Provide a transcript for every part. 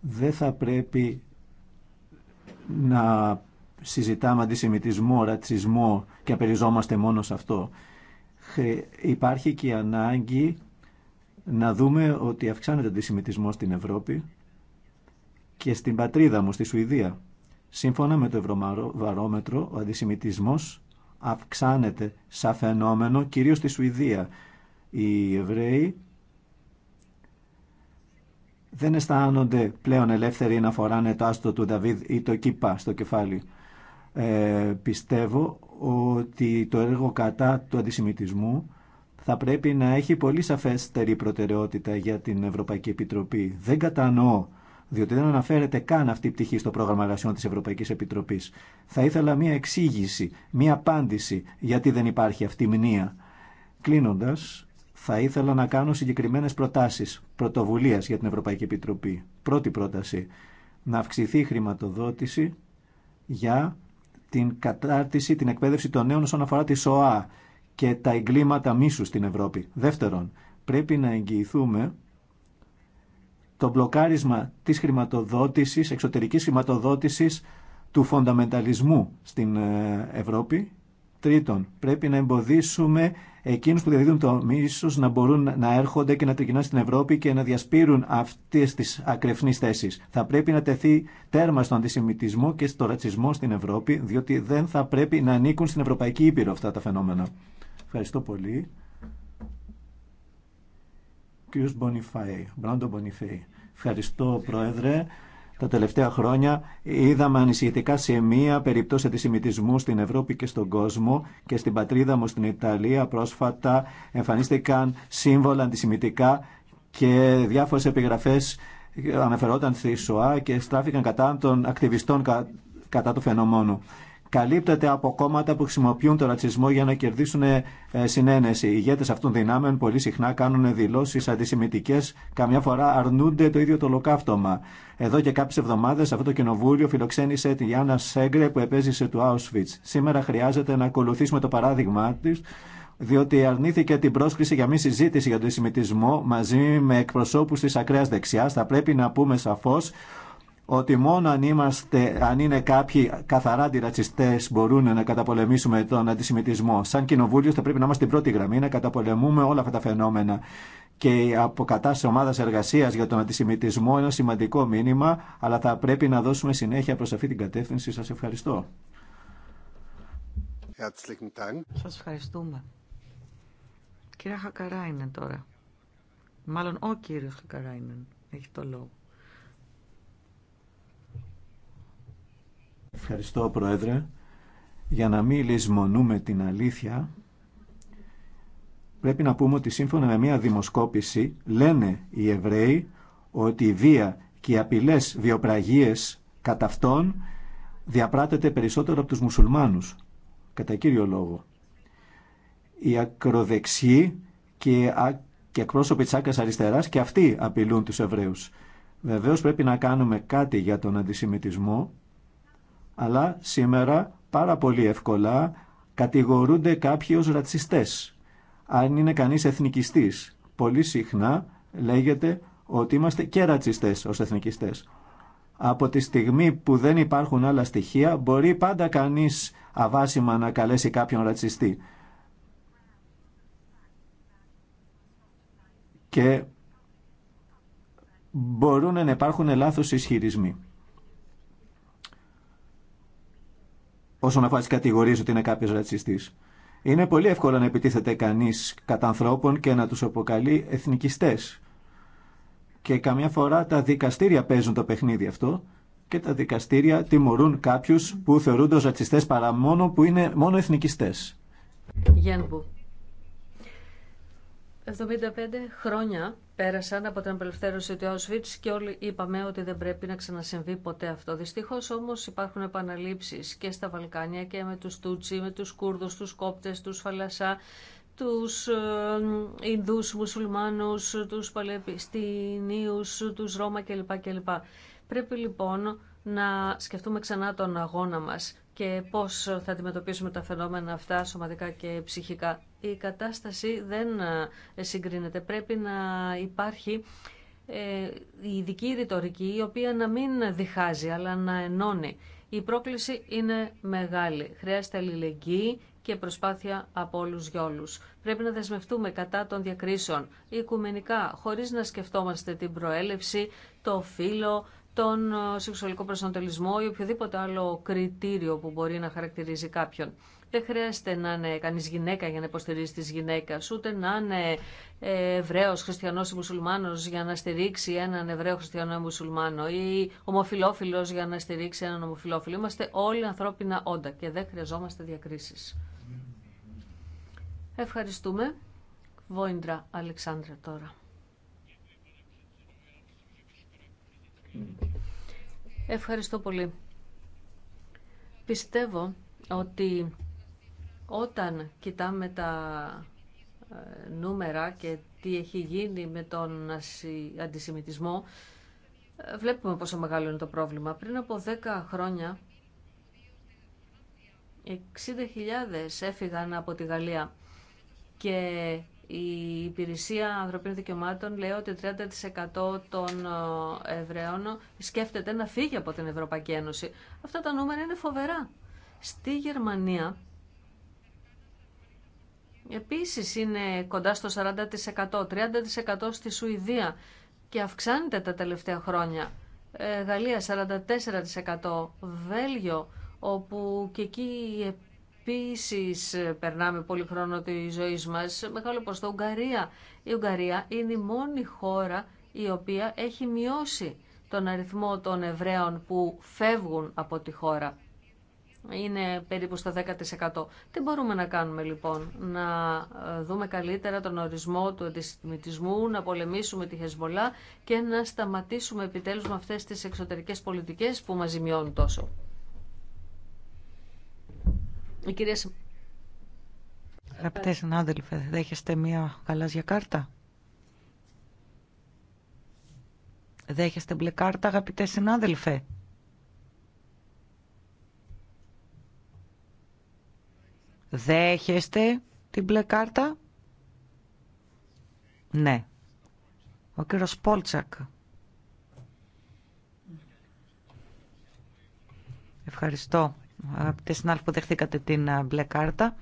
δεν θα πρέπει να συζητάμε αντισημιτισμό, ρατσισμό και απεριζόμαστε μόνο σε αυτό. Υπάρχει και η ανάγκη να δούμε ότι αυξάνεται ο αντισημιτισμός στην Ευρώπη και στην πατρίδα μου, στη Σουηδία. Σύμφωνα με το Ευρωβαρόμετρο, ο αντισημιτισμό αυξάνεται σαν φαινόμενο κυρίως στη Σουηδία. Οι Εβραίοι δεν αισθάνονται πλέον ελεύθεροι να φοράνε το άστο του Δαβίδ ή το κύπα στο κεφάλι. Ε, πιστεύω ότι το έργο κατά του αντισημιτισμού θα πρέπει να έχει πολύ σαφέστερη προτεραιότητα για την Ευρωπαϊκή Επιτροπή. Δεν κατανοώ, διότι δεν αναφέρεται καν αυτή η πτυχή στο πρόγραμμα εργασιών της Ευρωπαϊκής Επιτροπής. Θα ήθελα μία εξήγηση, μία απάντηση γιατί δεν υπάρχει αυτή η μνήα. Κλείνοντας, θα ήθελα να κάνω συγκεκριμένες προτάσεις πρωτοβουλία για την Ευρωπαϊκή Επιτροπή. Πρώτη πρόταση, να αυξηθεί η χρηματοδότηση για την κατάρτιση, την εκπαίδευση των νέων όσον αφορά τη ΣΟΑ και τα εγκλήματα μίσου στην Ευρώπη. Δεύτερον, πρέπει να εγγυηθούμε το μπλοκάρισμα της χρηματοδότησης, εξωτερικής χρηματοδότησης του φονταμενταλισμού στην ε, Ευρώπη Τρίτον, πρέπει να εμποδίσουμε εκείνου που διαδίδουν το μίσο να μπορούν να έρχονται και να τριγυρνάνε στην Ευρώπη και να διασπείρουν αυτέ τι ακρεφνεί θέσει. Θα πρέπει να τεθεί τέρμα στον αντισημιτισμό και στο ρατσισμό στην Ευρώπη, διότι δεν θα πρέπει να ανήκουν στην Ευρωπαϊκή Ήπειρο αυτά τα φαινόμενα. Ευχαριστώ πολύ. Ευχαριστώ, Πρόεδρε. Τα τελευταία χρόνια είδαμε ανησυχητικά σημεία περιπτώσει αντισημιτισμού στην Ευρώπη και στον κόσμο και στην πατρίδα μου στην Ιταλία πρόσφατα εμφανίστηκαν σύμβολα αντισημιτικά και διάφορες επιγραφές αναφερόταν στη ΣΟΑ και στράφηκαν κατά των ακτιβιστών κατά του φαινομόνου καλύπτεται από κόμματα που χρησιμοποιούν το ρατσισμό για να κερδίσουν ε, συνένεση. Οι ηγέτες αυτών δυνάμεων πολύ συχνά κάνουν δηλώσεις αντισημιτικές, καμιά φορά αρνούνται το ίδιο το ολοκαύτωμα. Εδώ και κάποιε εβδομάδε αυτό το κοινοβούλιο φιλοξένησε τη Γιάννα Σέγκρε που επέζησε του Auschwitz. Σήμερα χρειάζεται να ακολουθήσουμε το παράδειγμά τη, διότι αρνήθηκε την πρόσκληση για μη συζήτηση για τον αντισημιτισμό μαζί με εκπροσώπους της ακραία δεξιάς. Θα πρέπει να πούμε σαφώς ότι μόνο αν, είμαστε, αν είναι κάποιοι καθαρά αντιρατσιστέ μπορούν να καταπολεμήσουμε τον αντισημιτισμό. Σαν κοινοβούλιο θα πρέπει να είμαστε στην πρώτη γραμμή, να καταπολεμούμε όλα αυτά τα φαινόμενα. Και η αποκατάσταση ομάδα εργασία για τον αντισημιτισμό είναι ένα σημαντικό μήνυμα, αλλά θα πρέπει να δώσουμε συνέχεια προ αυτή την κατεύθυνση. Σα ευχαριστώ. Σα ευχαριστούμε. Κύριε Χακαράινεν τώρα. Μάλλον ο κύριο Χακαράινεν έχει το λόγο. Ευχαριστώ, Πρόεδρε. Για να μην λησμονούμε την αλήθεια, πρέπει να πούμε ότι σύμφωνα με μια δημοσκόπηση λένε οι Εβραίοι ότι η βία και οι απειλές βιοπραγίες κατά αυτών διαπράτεται περισσότερο από τους μουσουλμάνους, κατά κύριο λόγο. Οι ακροδεξιοί και, και εκπρόσωποι της άκρας αριστεράς και αυτοί απειλούν τους Εβραίους. Βεβαίως πρέπει να κάνουμε κάτι για τον αντισημιτισμό αλλά σήμερα πάρα πολύ εύκολα κατηγορούνται κάποιοι ως ρατσιστές. Αν είναι κανείς εθνικιστής, πολύ συχνά λέγεται ότι είμαστε και ρατσιστές ως εθνικιστές. Από τη στιγμή που δεν υπάρχουν άλλα στοιχεία, μπορεί πάντα κανείς αβάσιμα να καλέσει κάποιον ρατσιστή. Και μπορούν να υπάρχουν λάθος ισχυρισμοί. όσον αφορά τι κατηγορίε ότι είναι κάποιο ρατσιστή. Είναι πολύ εύκολο να επιτίθεται κανεί κατά ανθρώπων και να του αποκαλεί εθνικιστέ. Και καμιά φορά τα δικαστήρια παίζουν το παιχνίδι αυτό και τα δικαστήρια τιμωρούν κάποιου που θεωρούνται ω ρατσιστέ παρά μόνο που είναι μόνο εθνικιστέ. 75 χρόνια πέρασαν από την απελευθέρωση του Auschwitz και όλοι είπαμε ότι δεν πρέπει να ξανασυμβεί ποτέ αυτό. Δυστυχώ, όμως υπάρχουν επαναλήψεις και στα Βαλκάνια και με τους Τούτσι, με τους Κούρδους, τους Κόπτες, τους Φαλασσά, τους ε, Ινδούς, Μουσουλμάνους, τους Παλαιπιστινίους, τους Ρώμα κλπ. κλπ. Πρέπει λοιπόν να σκεφτούμε ξανά τον αγώνα μας και πώς θα αντιμετωπίσουμε τα φαινόμενα αυτά σωματικά και ψυχικά. Η κατάσταση δεν ε, συγκρίνεται. Πρέπει να υπάρχει ε, η ειδική ρητορική η οποία να μην διχάζει αλλά να ενώνει. Η πρόκληση είναι μεγάλη. Χρειάζεται αλληλεγγύη και προσπάθεια από όλου για όλου. Πρέπει να δεσμευτούμε κατά των διακρίσεων οικουμενικά, χωρί να σκεφτόμαστε την προέλευση, το φύλλο, τον ε, σεξουαλικό προσανατολισμό ή οποιοδήποτε άλλο κριτήριο που μπορεί να χαρακτηρίζει κάποιον. Δεν χρειάζεται να είναι κανεί γυναίκα για να υποστηρίζει τη γυναίκα, ούτε να είναι ε, Εβραίο, Χριστιανό ή Μουσουλμάνο για να στηρίξει έναν Εβραίο, Χριστιανό ή Μουσουλμάνο, ή ομοφυλόφιλο για να στηρίξει έναν ομοφυλόφιλο. Είμαστε όλοι ανθρώπινα όντα και δεν χρειαζόμαστε διακρίσει. Ευχαριστούμε. Βόιντρα Αλεξάνδρα τώρα. Ευχαριστώ πολύ. Πιστεύω ότι όταν κοιτάμε τα ε, νούμερα και τι έχει γίνει με τον αντισημιτισμό, ε, βλέπουμε πόσο μεγάλο είναι το πρόβλημα. Πριν από 10 χρόνια, 60.000 έφυγαν από τη Γαλλία και η Υπηρεσία Ανθρωπίνων Δικαιωμάτων λέει ότι 30% των ε, Εβραίων σκέφτεται να φύγει από την Ευρωπαϊκή Ένωση. Αυτά τα νούμερα είναι φοβερά. Στη Γερμανία επίσης είναι κοντά στο 40%, 30% στη Σουηδία και αυξάνεται τα τελευταία χρόνια. Ε, Γαλλία 44%, Βέλγιο όπου και εκεί Επίση, ε, περνάμε πολύ χρόνο τη ζωή μα. Μεγάλο το Ουγγαρία. Η Ουγγαρία είναι η μόνη χώρα η οποία έχει μειώσει τον αριθμό των Εβραίων που φεύγουν από τη χώρα. Είναι περίπου στο 10%. Τι μπορούμε να κάνουμε λοιπόν, να ε, δούμε καλύτερα τον ορισμό του αντισημιτισμού, να πολεμήσουμε τη Χεσμολά και να σταματήσουμε επιτέλους με αυτές τις εξωτερικές πολιτικές που μας ζημιώνουν τόσο. Η κυρία... Αγαπητέ συνάδελφε, δέχεστε μία γαλάζια κάρτα. Δέχεστε μπλε κάρτα, αγαπητέ συνάδελφε. Δέχεστε την μπλε κάρτα. Ναι. Ο κύριος Πόλτσακ. Ευχαριστώ. Αγαπητέ συνάδελφοι που δεχτήκατε την μπλε κάρτα.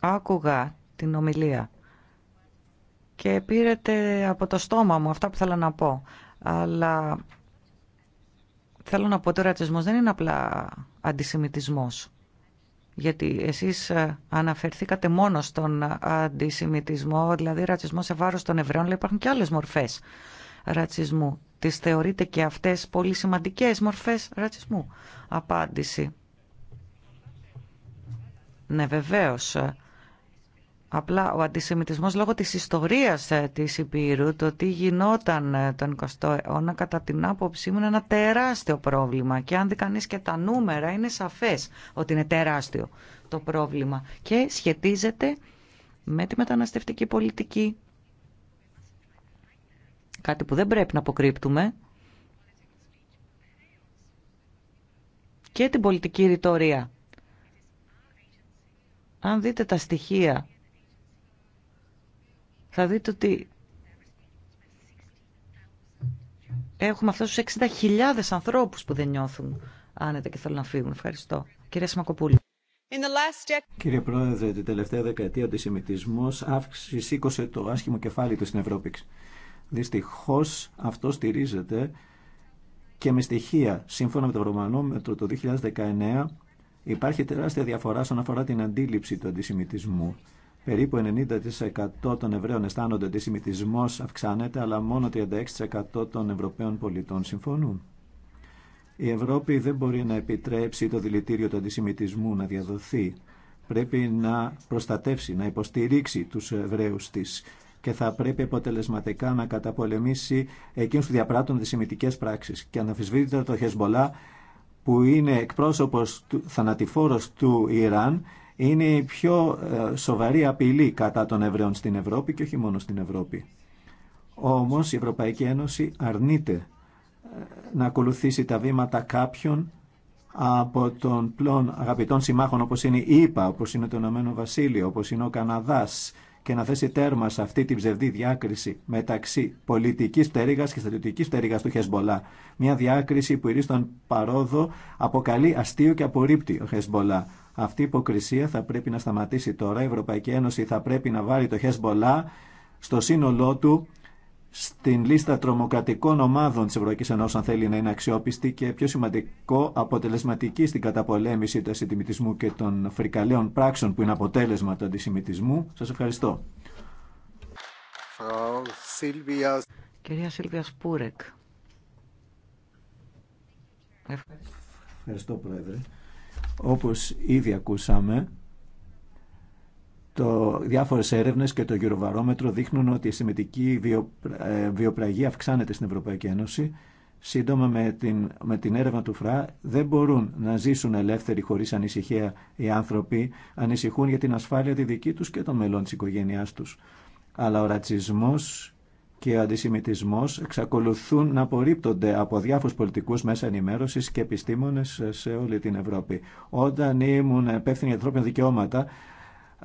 Άκουγα την ομιλία και πήρετε από το στόμα μου αυτά που θέλω να πω. Αλλά θέλω να πω ότι ο ρατσισμός δεν είναι απλά αντισημιτισμός. Γιατί εσείς αναφερθήκατε μόνο στον αντισημιτισμό, δηλαδή ρατσισμό σε βάρος των Εβραίων, αλλά υπάρχουν και άλλες μορφές ρατσισμού. Τις θεωρείτε και αυτές πολύ σημαντικές μορφές ρατσισμού. Απάντηση. Ναι, βεβαίως. Απλά ο αντισημιτισμός λόγω της ιστορίας ε, της Υπήρου, το τι γινόταν ε, τον 20ο αιώνα, κατά την άποψή μου είναι ένα τεράστιο πρόβλημα. Και αν δει κανεί και τα νούμερα, είναι σαφές ότι είναι τεράστιο το πρόβλημα. Και σχετίζεται με τη μεταναστευτική πολιτική, κάτι που δεν πρέπει να αποκρύπτουμε, και την πολιτική ρητορία. Αν δείτε τα στοιχεία, θα δείτε ότι έχουμε αυτούς τους 60.000 ανθρώπους που δεν νιώθουν άνετα και θέλουν να φύγουν. Ευχαριστώ. Κυρία Σημακοπούλη. Κύριε Πρόεδρε, την τελευταία δεκαετία ο αντισημιτισμός αύξησε, σήκωσε το άσχημο κεφάλι του στην Ευρώπη. Δυστυχώς αυτό στηρίζεται και με στοιχεία. Σύμφωνα με το Ρωμανόμετρο το 2019 υπάρχει τεράστια διαφορά στον αφορά την αντίληψη του αντισημιτισμού. Περίπου 90% των Εβραίων αισθάνονται ότι αντισημιτισμό αυξάνεται, αλλά μόνο 36% των Ευρωπαίων πολιτών συμφωνούν. Η Ευρώπη δεν μπορεί να επιτρέψει το δηλητήριο του αντισημιτισμού να διαδοθεί. Πρέπει να προστατεύσει, να υποστηρίξει τους Εβραίους της και θα πρέπει αποτελεσματικά να καταπολεμήσει εκείνους που διαπράττουν δυσημιτικές πράξεις. Και αναμφισβήτητα το Χεσμολά που είναι εκπρόσωπος του, θανατηφόρος του Ιράν είναι η πιο ε, σοβαρή απειλή κατά των Εβραίων στην Ευρώπη και όχι μόνο στην Ευρώπη. Όμως η Ευρωπαϊκή Ένωση αρνείται ε, να ακολουθήσει τα βήματα κάποιων από των πλών αγαπητών συμμάχων όπως είναι η ΕΠΑ, όπως είναι το Ηνωμένο Βασίλειο, όπως είναι ο Καναδάς, και να θέσει τέρμα σε αυτή την ψευδή διάκριση μεταξύ πολιτική πτέρυγα και στρατιωτική πτέρυγα του Χεσμολά. Μια διάκριση που ηρίστον παρόδο αποκαλεί αστείο και απορρίπτει ο Χεσμολά. Αυτή η υποκρισία θα πρέπει να σταματήσει τώρα. Η Ευρωπαϊκή Ένωση θα πρέπει να βάλει το Χεσμολά στο σύνολό του στην λίστα τρομοκρατικών ομάδων της Ευρωπαϊκής Ενώσης αν θέλει να είναι αξιόπιστη και πιο σημαντικό αποτελεσματική στην καταπολέμηση του αντισημιτισμού και των φρικαλαίων πράξεων που είναι αποτέλεσμα του αντισημιτισμού. Σας ευχαριστώ. Κυρία Σίλβια Σπούρεκ. Ευχαριστώ, Πρόεδρε. Όπως ήδη ακούσαμε, το διάφορες έρευνες και το γυροβαρόμετρο δείχνουν ότι η συμμετική ε, βιοπραγία αυξάνεται στην Ευρωπαϊκή Ένωση. Σύντομα με την, με την έρευνα του ΦΡΑ δεν μπορούν να ζήσουν ελεύθεροι χωρίς ανησυχία οι άνθρωποι. Ανησυχούν για την ασφάλεια τη δική τους και των μελών της οικογένειάς τους. Αλλά ο ρατσισμός και ο αντισημιτισμό εξακολουθούν να απορρίπτονται από διάφορους πολιτικούς μέσα ενημέρωσης και επιστήμονες σε όλη την Ευρώπη. Όταν ήμουν υπεύθυνοι για ανθρώπινα δικαιώματα,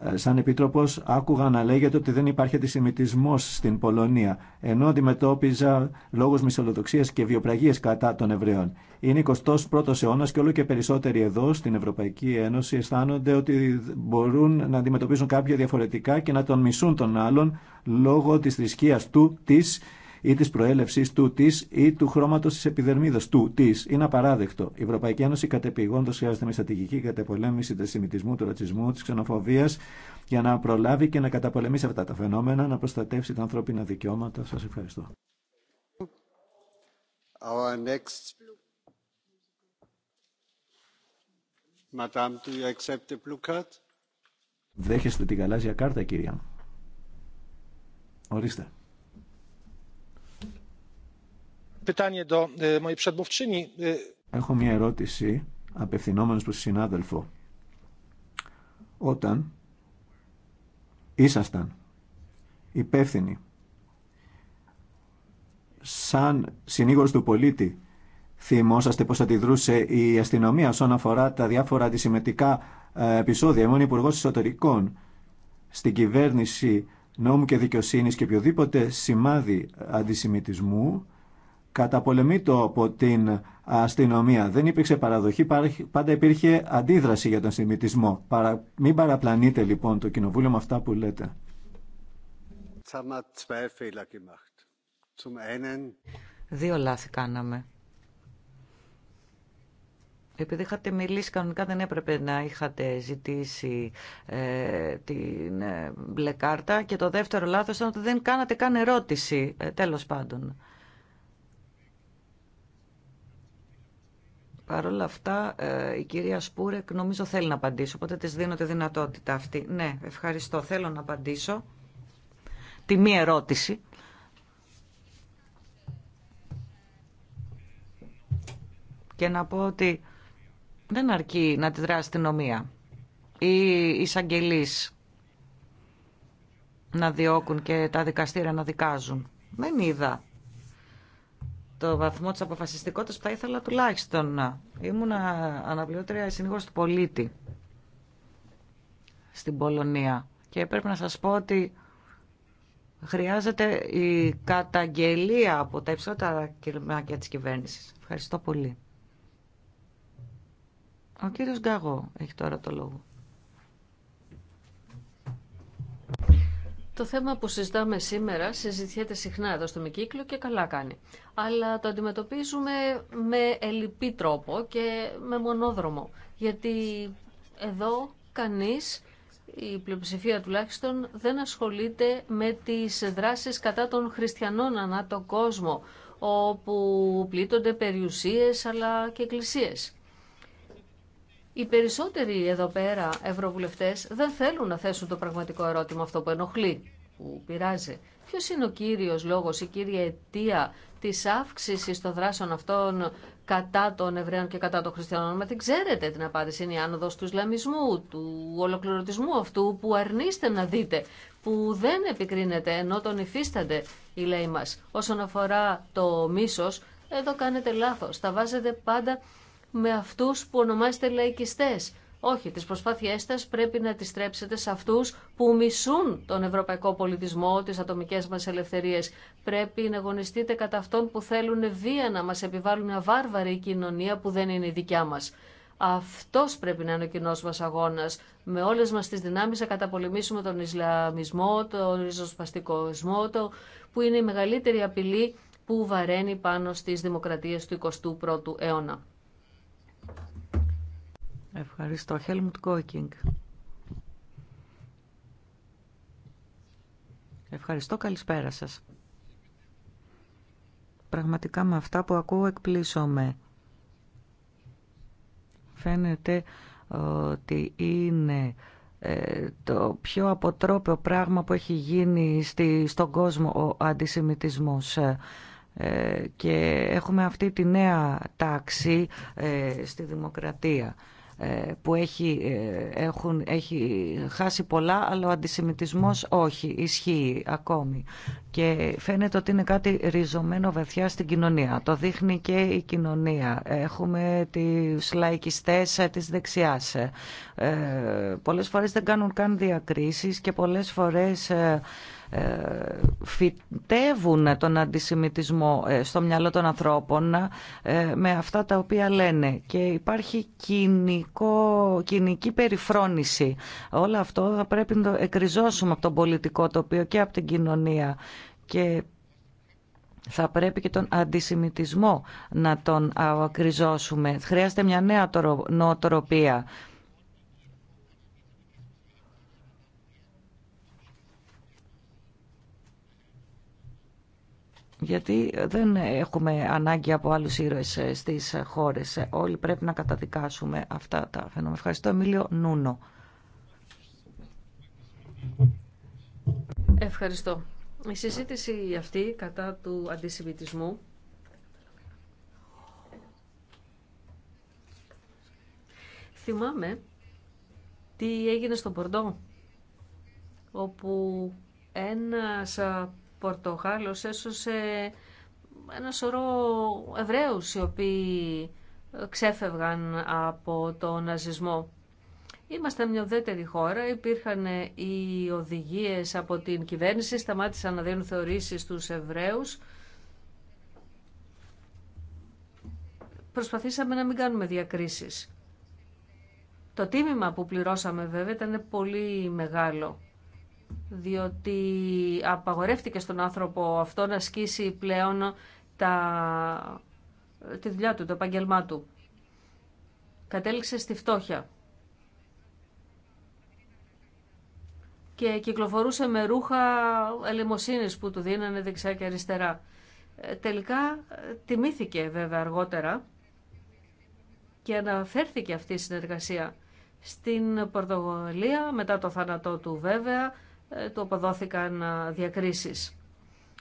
ε, σαν επίτροπος άκουγα να λέγεται ότι δεν υπάρχει αντισημιτισμός στην Πολωνία, ενώ αντιμετώπιζα λόγους μισολοδοξίας και βιοπραγίες κατά των Εβραίων. Είναι 21ος αιώνα και όλο και περισσότεροι εδώ στην Ευρωπαϊκή Ένωση αισθάνονται ότι μπορούν να αντιμετωπίζουν κάποια διαφορετικά και να τον μισούν τον άλλον λόγω της θρησκείας του, της ή τη προέλευση του τη ή του χρώματο τη επιδερμίδα του τη. Είναι απαράδεκτο. Η Ευρωπαϊκή Ένωση κατεπηγόντω χρειάζεται μια στρατηγική κατεπολέμηση του του ρατσισμού, τη ξενοφοβία για να προλάβει και να καταπολεμήσει αυτά τα φαινόμενα, να προστατεύσει τα ανθρώπινα δικαιώματα. Σα ευχαριστώ. Our next... Δέχεστε την γαλάζια κάρτα, κυρία Ορίστε. E, e, Έχω μια ερώτηση απευθυνόμενος προς συνάδελφο. Όταν ήσασταν υπεύθυνοι σαν συνήγορος του πολίτη θυμόσαστε πώς αντιδρούσε η αστυνομία όσον αφορά τα διάφορα αντισημετικά ε, επεισόδια. Ήμουν υπουργό Εσωτερικών στην κυβέρνηση νόμου και δικαιοσύνης και οποιοδήποτε σημάδι αντισημιτισμού καταπολεμεί το από την αστυνομία. Δεν υπήρξε παραδοχή, πάντα υπήρχε αντίδραση για τον συμμετισμό. Μην παραπλανείτε λοιπόν το κοινοβούλιο με αυτά που λέτε. Δύο λάθη κάναμε. Επειδή είχατε μιλήσει κανονικά δεν έπρεπε να είχατε ζητήσει ε, την ε, μπλε κάρτα και το δεύτερο λάθος ήταν ότι δεν κάνατε καν ερώτηση, ε, τέλος πάντων. Παρ' όλα αυτά, ε, η κυρία Σπούρεκ νομίζω θέλει να απαντήσει, οπότε της δίνω τη δυνατότητα αυτή. Ναι, ευχαριστώ. Θέλω να απαντήσω. Τη μία ερώτηση. Και να πω ότι δεν αρκεί να τη δράσει νομία. ή εισαγγελεί να διώκουν και τα δικαστήρια να δικάζουν. Δεν είδα το βαθμό της αποφασιστικότητας που θα ήθελα τουλάχιστον να. Ήμουν αναπληρώτρια συνήγορος του πολίτη στην Πολωνία και πρέπει να σας πω ότι χρειάζεται η καταγγελία από τα υψηλότερα κερμάκια της κυβέρνησης. Ευχαριστώ πολύ. Ο κύριος Γκαγό έχει τώρα το λόγο. Το θέμα που συζητάμε σήμερα συζητιέται συχνά εδώ στο Μικύκλιο και καλά κάνει. Αλλά το αντιμετωπίζουμε με ελλειπή τρόπο και με μονόδρομο. Γιατί εδώ κανείς, η πλειοψηφία τουλάχιστον, δεν ασχολείται με τις δράσεις κατά των χριστιανών ανά τον κόσμο, όπου πλήττονται περιουσίες αλλά και εκκλησίες. Οι περισσότεροι εδώ πέρα ευρωβουλευτές δεν θέλουν να θέσουν το πραγματικό ερώτημα αυτό που ενοχλεί, που πειράζει. Ποιος είναι ο κύριος λόγος, η κύρια αιτία της αύξησης των δράσεων αυτών κατά των Εβραίων και κατά των Χριστιανών. Μα την ξέρετε την απάντηση, είναι η άνοδο του Ισλαμισμού, του ολοκληρωτισμού αυτού που αρνείστε να δείτε, που δεν επικρίνεται ενώ τον υφίστανται οι λέει μα. Όσον αφορά το μίσο, εδώ κάνετε λάθο. τα βάζετε πάντα με αυτούς που ονομάζετε λαϊκιστές. Όχι, τις προσπάθειές σας πρέπει να τις στρέψετε σε αυτούς που μισούν τον ευρωπαϊκό πολιτισμό, τις ατομικές μας ελευθερίες. Πρέπει να αγωνιστείτε κατά αυτών που θέλουν βία να μας επιβάλλουν μια βάρβαρη κοινωνία που δεν είναι η δικιά μας. Αυτός πρέπει να είναι ο κοινό μας αγώνας. Με όλες μας τις δυνάμεις να καταπολεμήσουμε τον Ισλαμισμό, τον ριζοσπαστικοσμό, το, που είναι η μεγαλύτερη απειλή που βαραίνει πάνω στις δημοκρατίες του 21ου αιώνα. Ευχαριστώ. Χέλμουτ Κόικινγκ. Ευχαριστώ. Καλησπέρα σας. Πραγματικά με αυτά που ακούω εκπλήσωμαι. Φαίνεται ε, ότι είναι ε, το πιο αποτρόπαιο πράγμα που έχει γίνει στη, στον κόσμο ο αντισημιτισμός ε, και έχουμε αυτή τη νέα τάξη στη δημοκρατία ε, που έχει, ε, έχουν, έχει χάσει πολλά, αλλά ο αντισημιτισμός όχι, ισχύει ακόμη. Και φαίνεται ότι είναι κάτι ριζωμένο βαθιά στην κοινωνία. Το δείχνει και η κοινωνία. Έχουμε τις λαϊκιστές της δεξιάς. Ε, πολλές φορές δεν κάνουν καν διακρίσεις και πολλές φορές... Ε, ε, φυτεύουν τον αντισημιτισμό ε, στο μυαλό των ανθρώπων ε, με αυτά τα οποία λένε και υπάρχει κοινικό, κοινική περιφρόνηση. Όλο αυτό θα πρέπει να το εκριζώσουμε από τον πολιτικό τοπίο και από την κοινωνία και θα πρέπει και τον αντισημιτισμό να τον ακριζώσουμε. Χρειάζεται μια νέα νοοτροπία γιατί δεν έχουμε ανάγκη από άλλους ήρωες ε, στις χώρες. Ε, όλοι πρέπει να καταδικάσουμε αυτά τα φαινόμενα. Ευχαριστώ, Εμίλιο Νούνο. Ευχαριστώ. Η συζήτηση αυτή κατά του αντισημιτισμού θυμάμαι τι έγινε στο Πορντό όπου ένας Πορτογάλος έσωσε ένα σωρό Εβραίους οι οποίοι ξέφευγαν από τον ναζισμό. Είμαστε μια ουδέτερη χώρα, υπήρχαν οι οδηγίες από την κυβέρνηση, σταμάτησαν να δίνουν θεωρήσεις στους Εβραίους. Προσπαθήσαμε να μην κάνουμε διακρίσεις. Το τίμημα που πληρώσαμε βέβαια ήταν πολύ μεγάλο διότι απαγορεύτηκε στον άνθρωπο αυτό να σκίσει πλέον τα... τη δουλειά του, το επαγγελμά του. Κατέληξε στη φτώχεια. Και κυκλοφορούσε με ρούχα ελεημοσύνης που του δίνανε δεξιά και αριστερά. Ε, τελικά ε, τιμήθηκε βέβαια αργότερα και αναφέρθηκε αυτή η συνεργασία. Στην Πορτογαλία, μετά το θάνατό του βέβαια, ε, του αποδόθηκαν διακρίσεις.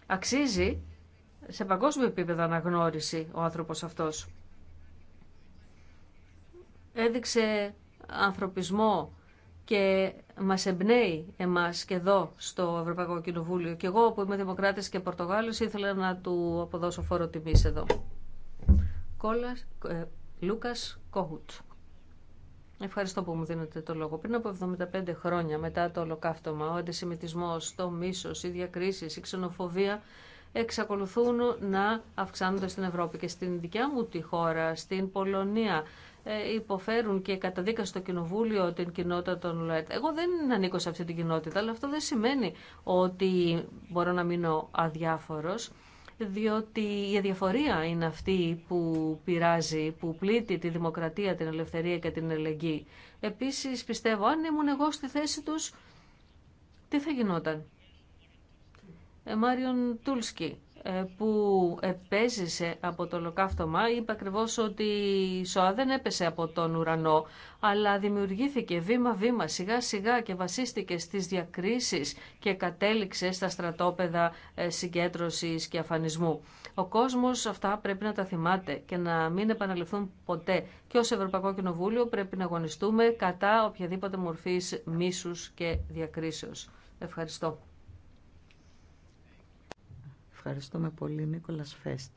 Αξίζει σε παγκόσμιο επίπεδο αναγνώριση ο άνθρωπος αυτός. Έδειξε ανθρωπισμό και μας εμπνέει εμάς και εδώ στο Ευρωπαϊκό Κοινοβούλιο. Και εγώ που είμαι Δημοκράτης και Πορτογάλος ήθελα να του αποδώσω φόρο τιμής εδώ. Κόλας, ε, Λούκας Κόχουτς Ευχαριστώ που μου δίνετε το λόγο. Πριν από 75 χρόνια μετά το ολοκαύτωμα, ο αντισημιτισμός, το μίσος, οι διακρίσεις, η ξενοφοβία εξακολουθούν να αυξάνονται στην Ευρώπη και στην δικιά μου τη χώρα, στην Πολωνία. Ε, υποφέρουν και καταδίκα στο κοινοβούλιο την κοινότητα των ΛΟΕΤ. Εγώ δεν ανήκω σε αυτή την κοινότητα, αλλά αυτό δεν σημαίνει ότι μπορώ να μείνω αδιάφορος διότι η αδιαφορία είναι αυτή που πειράζει, που πλήττει τη δημοκρατία, την ελευθερία και την ελεγγύη. Επίσης πιστεύω, αν ήμουν εγώ στη θέση τους, τι θα γινόταν. Ε, Μάριον Τούλσκι, ε, που επέζησε από το ολοκαύτωμα είπε ακριβώ ότι η ΣΟΑ δεν έπεσε από τον ουρανό, αλλά δημιουργήθηκε βήμα-βήμα, σιγά-σιγά και βασίστηκε στις διακρίσεις και κατέληξε στα στρατόπεδα ε, συγκέντρωσης και αφανισμού. Ο κόσμος αυτά πρέπει να τα θυμάται και να μην επαναληφθούν ποτέ. Και ως Ευρωπαϊκό Κοινοβούλιο πρέπει να αγωνιστούμε κατά οποιαδήποτε μορφής μίσους και διακρίσεως. Ευχαριστώ. Ευχαριστούμε πολύ, Νίκολας Φέστ.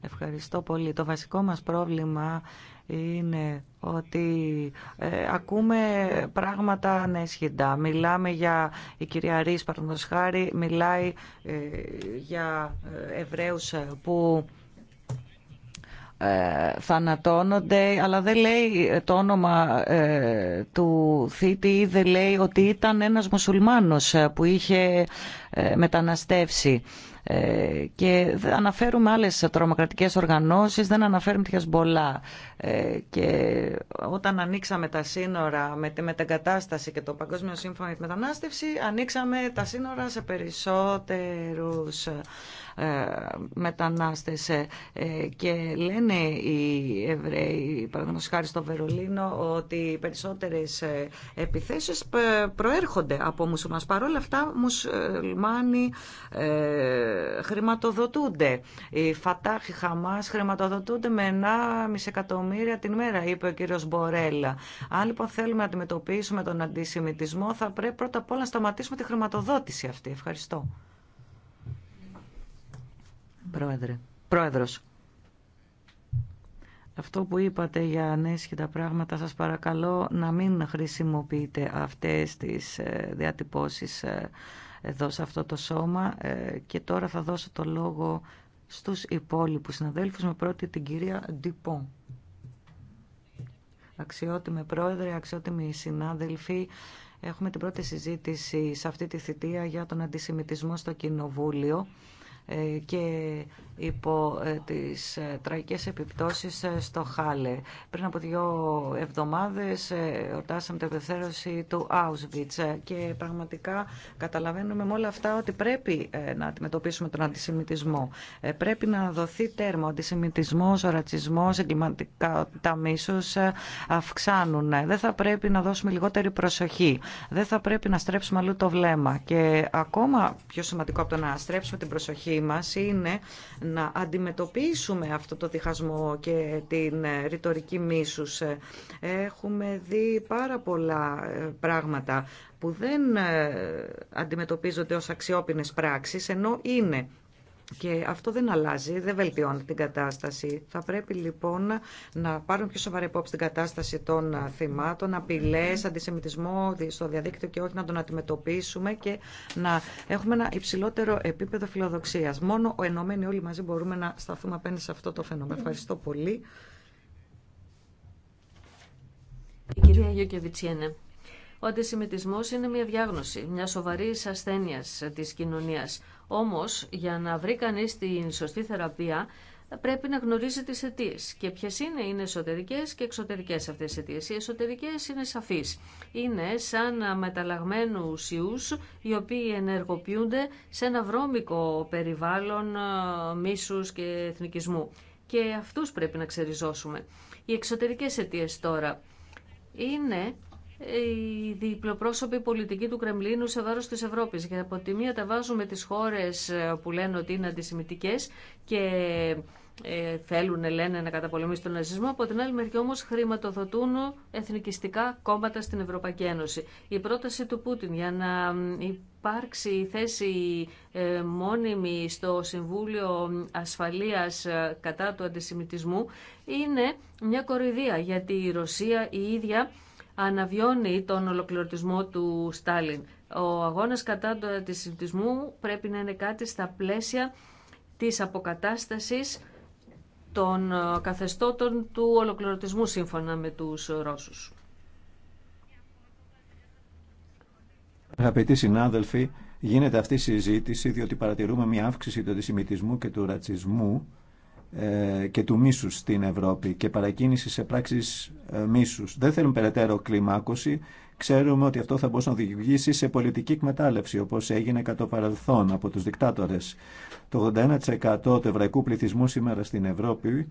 Ευχαριστώ πολύ. Το βασικό μας πρόβλημα είναι ότι ε, ακούμε πράγματα ανέσχυντα. Μιλάμε για η κυρία Ρίσπαρντος χάρη, μιλάει ε, για ε, Εβραίους που ε, θανατώνονται αλλά δεν λέει το όνομα ε, του θήτη ή δεν λέει ότι ήταν ένας μουσουλμάνος ε, που είχε μεταναστεύσει και αναφέρουμε άλλες τρομοκρατικές οργανώσεις, δεν αναφέρουμε τη Ε, και όταν ανοίξαμε τα σύνορα με, τη την και το Παγκόσμιο Σύμφωνο για τη Μετανάστευση, ανοίξαμε τα σύνορα σε περισσότερους ε, μετανάστες ε, ε, και λένε οι Εβραίοι, παραδείγματος χάρη στο Βερολίνο, ότι οι περισσότερες επιθέσεις προέρχονται από μουσουλμάνους. Παρ' όλα αυτά, μουσουλμάνοι χρηματοδοτούνται. Οι Φατάχοι Χαμάς χρηματοδοτούνται με 1,5 εκατομμύρια την μέρα, είπε ο κύριος Μπορέλα. Αν λοιπόν θέλουμε να αντιμετωπίσουμε τον αντισημιτισμό, θα πρέπει πρώτα απ' όλα να σταματήσουμε τη χρηματοδότηση αυτή. Ευχαριστώ. Πρόεδρε. Πρόεδρος. Αυτό που είπατε για ανέσχυτα πράγματα, σας παρακαλώ να μην χρησιμοποιείτε αυτές τις ε, διατυπώσεις ε, εδώ σε αυτό το σώμα. Ε, και τώρα θα δώσω το λόγο στους υπόλοιπους συναδέλφους με πρώτη την κυρία Ντυπών. Αξιότιμε πρόεδρε, αξιότιμοι συνάδελφοι, έχουμε την πρώτη συζήτηση σε αυτή τη θητεία για τον αντισημιτισμό στο Κοινοβούλιο. Ε, και υπό ε, τις ε, τραγικές επιπτώσεις ε, στο Χάλε. Πριν από δύο εβδομάδες ορτάσαμε την απελευθέρωση του Auschwitz και πραγματικά καταλαβαίνουμε με όλα αυτά ότι πρέπει να αντιμετωπίσουμε τον αντισημιτισμό. Πρέπει να δοθεί τέρμα. Ο αντισημιτισμός, ο ρατσισμός, εγκληματικά τα μίσους αυξάνουν. Δεν θα πρέπει να δώσουμε λιγότερη προσοχή. Δεν θα πρέπει να στρέψουμε αλλού το βλέμμα. Και ακόμα πιο σημαντικό από το να στρέψουμε την προσοχή μας είναι να αντιμετωπίσουμε αυτό το διχασμό και την ε, ρητορική μίσους. Ε, έχουμε δει πάρα πολλά ε, πράγματα που δεν αντιμετωπίζονται ως αξιόπινες πράξεις, ενώ είναι και αυτό δεν αλλάζει, δεν βελτιώνει την κατάσταση. Θα πρέπει λοιπόν να πάρουμε πιο σοβαρή υπόψη την κατάσταση των θυμάτων, απειλέ, αντισημιτισμό στο διαδίκτυο και όχι να τον αντιμετωπίσουμε και να έχουμε ένα υψηλότερο επίπεδο φιλοδοξία. Μόνο ο ενωμένοι όλοι μαζί μπορούμε να σταθούμε απέναντι σε αυτό το φαινόμενο. Ευχαριστώ πολύ. Η κυρία Γιωκεβιτσιένε. Ο αντισημιτισμός είναι μια διάγνωση, μια σοβαρή ασθένεια τη κοινωνία. Όμως, για να βρει κανεί την σωστή θεραπεία, πρέπει να γνωρίζει τις αιτίε. Και ποιες είναι, είναι εσωτερικές και εξωτερικές αυτές οι αιτίες. Οι εσωτερικές είναι σαφείς. Είναι σαν μεταλλαγμένους ιούς, οι οποίοι ενεργοποιούνται σε ένα βρώμικο περιβάλλον ε, μίσους και εθνικισμού. Και αυτούς πρέπει να ξεριζώσουμε. Οι εξωτερικές αιτίε τώρα είναι οι διπλοπρόσωποι πολιτική του Κρεμλίνου σε βάρος της Ευρώπης. Και από τη μία τα βάζουμε τις χώρες ε, που λένε ότι είναι αντισημιτικές και ε, θέλουν, λένε, να καταπολεμήσουν τον ναζισμό. Από την άλλη μεριά όμως χρηματοδοτούν εθνικιστικά κόμματα στην Ευρωπαϊκή Ένωση. Η πρόταση του Πούτιν για να υπάρξει θέση ε, μόνιμη στο Συμβούλιο Ασφαλείας κατά του αντισημιτισμού είναι μια κοροϊδία γιατί η Ρωσία η ίδια αναβιώνει τον ολοκληρωτισμό του Στάλιν. Ο αγώνας κατά του αντισημιτισμού πρέπει να είναι κάτι στα πλαίσια της αποκατάστασης των ε, καθεστώτων του ολοκληρωτισμού σύμφωνα με τους Ρώσους. Αγαπητοί συνάδελφοι, γίνεται αυτή η συζήτηση διότι παρατηρούμε μια αύξηση του αντισημιτισμού και του ρατσισμού ε, και του μίσου στην Ευρώπη και παρακίνηση σε πράξεις ε, μίσου. Δεν θέλουμε περαιτέρω κλιμάκωση. Ξέρουμε ότι αυτό θα μπορούσε να οδηγήσει σε πολιτική εκμετάλλευση, όπως έγινε κατά το παρελθόν από τους δικτάτορες. Το 81% του εβραϊκού πληθυσμού σήμερα στην Ευρώπη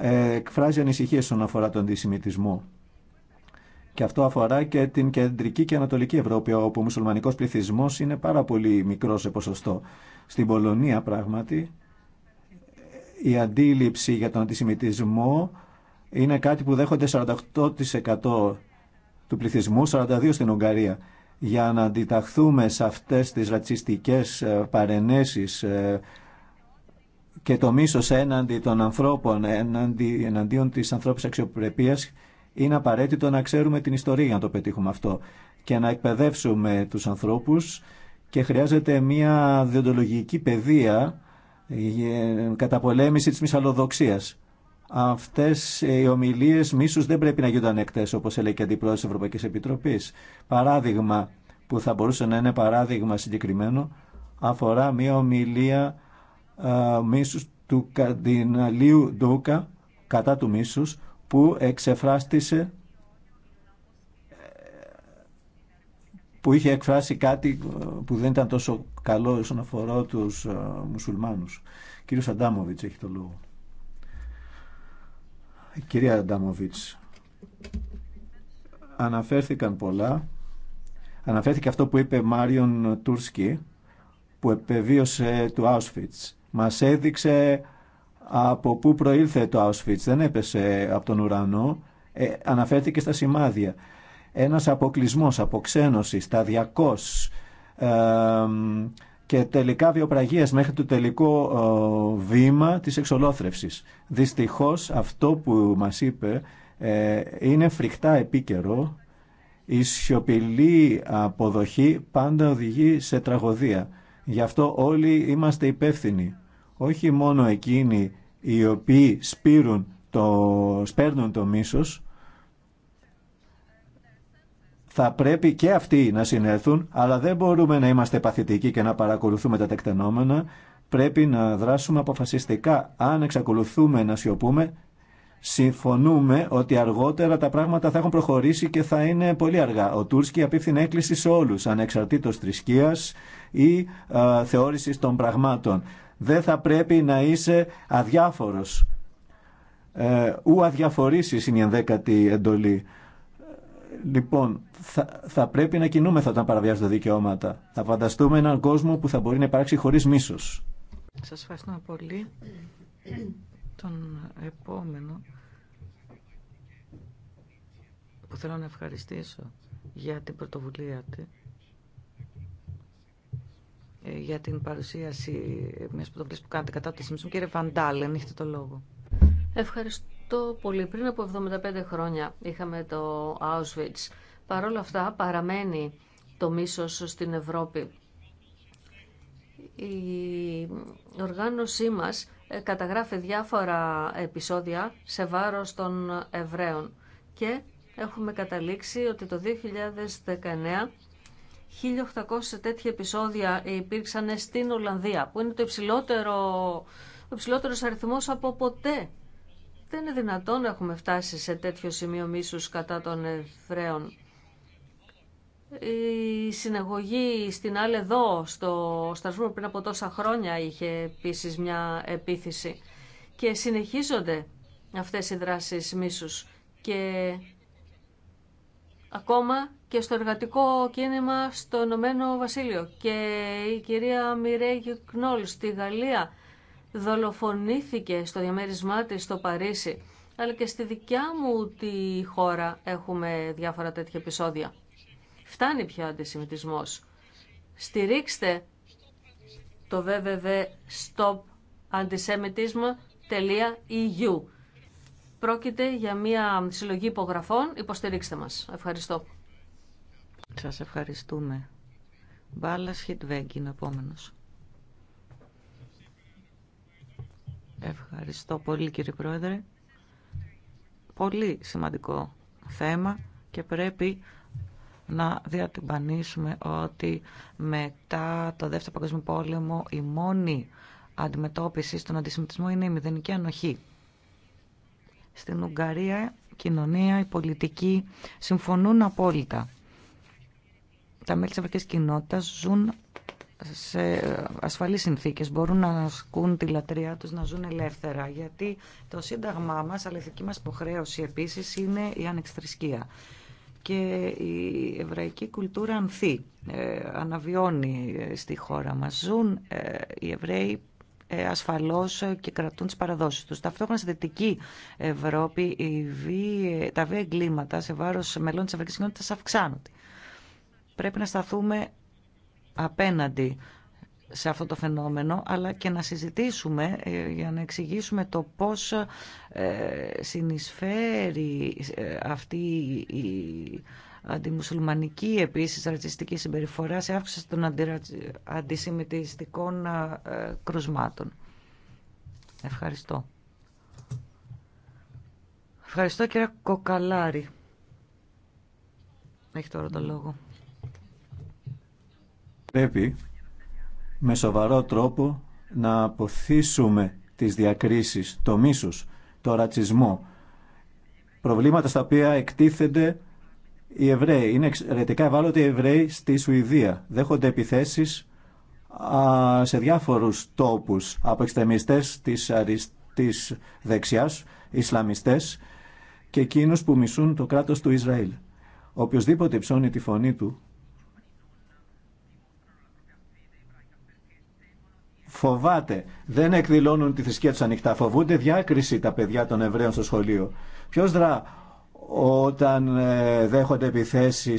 ε, εκφράζει ανησυχίε όσον αφορά τον αντισημιτισμό. Και αυτό αφορά και την κεντρική και ανατολική Ευρώπη, όπου ο μουσουλμανικός πληθυσμός είναι πάρα πολύ μικρό σε ποσοστό. Στην Πολωνία, πράγματι, η αντίληψη για τον αντισημιτισμό είναι κάτι που δέχονται 48% του πληθυσμού, 42% στην Ουγγαρία. Για να αντιταχθούμε σε αυτές τις ρατσιστικές ε, παρενέσεις ε, και το μίσος έναντι των ανθρώπων, εναντίον της ανθρώπινης αξιοπρεπίας, είναι απαραίτητο να ξέρουμε την ιστορία για να το πετύχουμε αυτό και να εκπαιδεύσουμε τους ανθρώπους και χρειάζεται μια διοντολογική παιδεία ε, καταπολέμηση της μυσαλλοδοξίας. Αυτές ε, οι ομιλίες μίσους δεν πρέπει να γίνονται ανεκτέ, όπως έλεγε και αντιπρόεδρος τη Ευρωπαϊκή Επιτροπή. Παράδειγμα που θα μπορούσε να είναι παράδειγμα συγκεκριμένο αφορά μια ομιλία ε, μίσου του Καρδιναλίου Ντούκα κατά του μίσους που εξεφράστησε που είχε εκφράσει κάτι ε, που δεν ήταν τόσο καλό όσον αφορά τους ε, μουσουλμάνους. Κύριος Αντάμοβιτς έχει το λόγο. Ε, κυρία Ανταμοβιτ. αναφέρθηκαν πολλά. Αναφέρθηκε αυτό που είπε Μάριον Τούρσκι, που επεβίωσε του Auschwitz. Μας έδειξε από πού προήλθε το Auschwitz. Δεν έπεσε από τον ουρανό. αναφέρθηκε στα σημάδια ένας αποκλεισμός, αποξένωση, σταδιακός ε, και τελικά βιοπραγίες μέχρι το τελικό ε, βήμα της εξολόθρευσης. Δυστυχώς αυτό που μας είπε ε, είναι φρικτά επίκαιρο. Η σιωπηλή αποδοχή πάντα οδηγεί σε τραγωδία. Γι' αυτό όλοι είμαστε υπεύθυνοι. Όχι μόνο εκείνοι οι οποίοι το, σπέρνουν το μίσος, θα πρέπει και αυτοί να συνέλθουν, αλλά δεν μπορούμε να είμαστε παθητικοί και να παρακολουθούμε τα τεκτενόμενα. Πρέπει να δράσουμε αποφασιστικά. Αν εξακολουθούμε να σιωπούμε, συμφωνούμε ότι αργότερα τα πράγματα θα έχουν προχωρήσει και θα είναι πολύ αργά. Ο Τούρσκι απίφθηνε έκκληση σε όλου ανεξαρτήτως θρησκεία ή θεώρηση θεώρησης των πραγμάτων. Δεν θα πρέπει να είσαι αδιάφορο, Ε, ου αδιαφορήσει είναι η ενδέκατη εντολή. Ε, λοιπόν, θα, θα πρέπει να κινούμεθα όταν παραβιάζονται δικαιώματα. Θα φανταστούμε έναν κόσμο που θα μπορεί να υπάρξει χωρίς μίσο. Σας ευχαριστώ πολύ. Τον επόμενο που θέλω να ευχαριστήσω για την πρωτοβουλία του ε, για την παρουσίαση μιας πρωτοβουλίας που κάνετε κατά τη Σιμψούν. Κύριε Βαντάλε, έχετε το λόγο. Ευχαριστώ πολύ. Πριν από 75 χρόνια είχαμε το Auschwitz Παρ' όλα αυτά παραμένει το μίσος στην Ευρώπη. Η οργάνωσή μας ε, καταγράφει διάφορα επεισόδια σε βάρος των Εβραίων και έχουμε καταλήξει ότι το 2019 1.800 τέτοια επεισόδια υπήρξαν στην Ολλανδία, που είναι το υψηλότερο, ο υψηλότερος αριθμός από ποτέ. Δεν είναι δυνατόν να έχουμε φτάσει σε τέτοιο σημείο μίσους κατά των Εβραίων. Η συναγωγή στην άλλη εδώ, στο Στρασβούργο πριν από τόσα χρόνια, είχε επίση μια επίθεση. Και συνεχίζονται αυτές οι δράσεις μίσους. Και ακόμα και στο εργατικό κίνημα στο Ηνωμένο Βασίλειο. Και η κυρία Μιρέγι Κνόλ στη Γαλλία δολοφονήθηκε στο διαμέρισμά της στο Παρίσι. Αλλά και στη δικιά μου τη χώρα έχουμε διάφορα τέτοια επεισόδια. Φτάνει πια ο αντισημιτισμός. Στηρίξτε το www.stopantisemitism.eu. Πρόκειται για μια συλλογή υπογραφών. Υποστηρίξτε μας. Ευχαριστώ. Σας ευχαριστούμε. Μπάλας Χιτβέγγι είναι επόμενος. Ευχαριστώ πολύ κύριε Πρόεδρε. Πολύ σημαντικό θέμα και πρέπει να διατυμπανίσουμε ότι μετά το Δεύτερο Παγκόσμιο Πόλεμο η μόνη αντιμετώπιση στον αντισημιτισμό είναι η μηδενική ανοχή. Στην Ουγγαρία η κοινωνία, οι πολιτικοί συμφωνούν απόλυτα. Τα μέλη της Ευρωπαϊκής Κοινότητας ζουν σε ασφαλείς συνθήκες, μπορούν να ασκούν τη λατρεία τους, να ζουν ελεύθερα, γιατί το σύνταγμά μας, αλλά η δική μας υποχρέωση επίσης, είναι η ανεξθρησκεία και η εβραϊκή κουλτούρα ανθεί, ε, αναβιώνει ε, στη χώρα μας. Ζουν ε, οι Εβραίοι ασφαλώς και κρατούν τις παραδόσεις τους. Ταυτόχρονα στη Δυτική Ευρώπη τα βία εγκλήματα σε βάρος μελών της Ευρωπαϊκής Κοινότητας αυξάνονται. Πρέπει να σταθούμε απέναντι σε αυτό το φαινόμενο, αλλά και να συζητήσουμε ε, για να εξηγήσουμε το πώς ε, συνεισφέρει ε, αυτή η αντιμουσουλμανική επίσης ρατσιστική συμπεριφορά σε αύξηση των αντισημιτιστικών κρουσμάτων. Ευχαριστώ. Ευχαριστώ κύριε Κοκαλάρη. Έχει τώρα το λόγο. Πρέπει με σοβαρό τρόπο να αποθήσουμε τις διακρίσεις, το μίσος, το ρατσισμό. Προβλήματα στα οποία εκτίθενται οι Εβραίοι. Είναι εξαιρετικά ευάλωτοι οι Εβραίοι στη Σουηδία. Δέχονται επιθέσεις σε διάφορους τόπους από εξτεμιστές της, αρισ... δεξιάς, Ισλαμιστές και εκείνους που μισούν το κράτος του Ισραήλ. Οποιοςδήποτε ψώνει τη φωνή του Φοβάται. Δεν εκδηλώνουν τη θρησκεία του ανοιχτά. Φοβούνται διάκριση τα παιδιά των Εβραίων στο σχολείο. Ποιο δρά όταν ε, δέχονται επιθέσει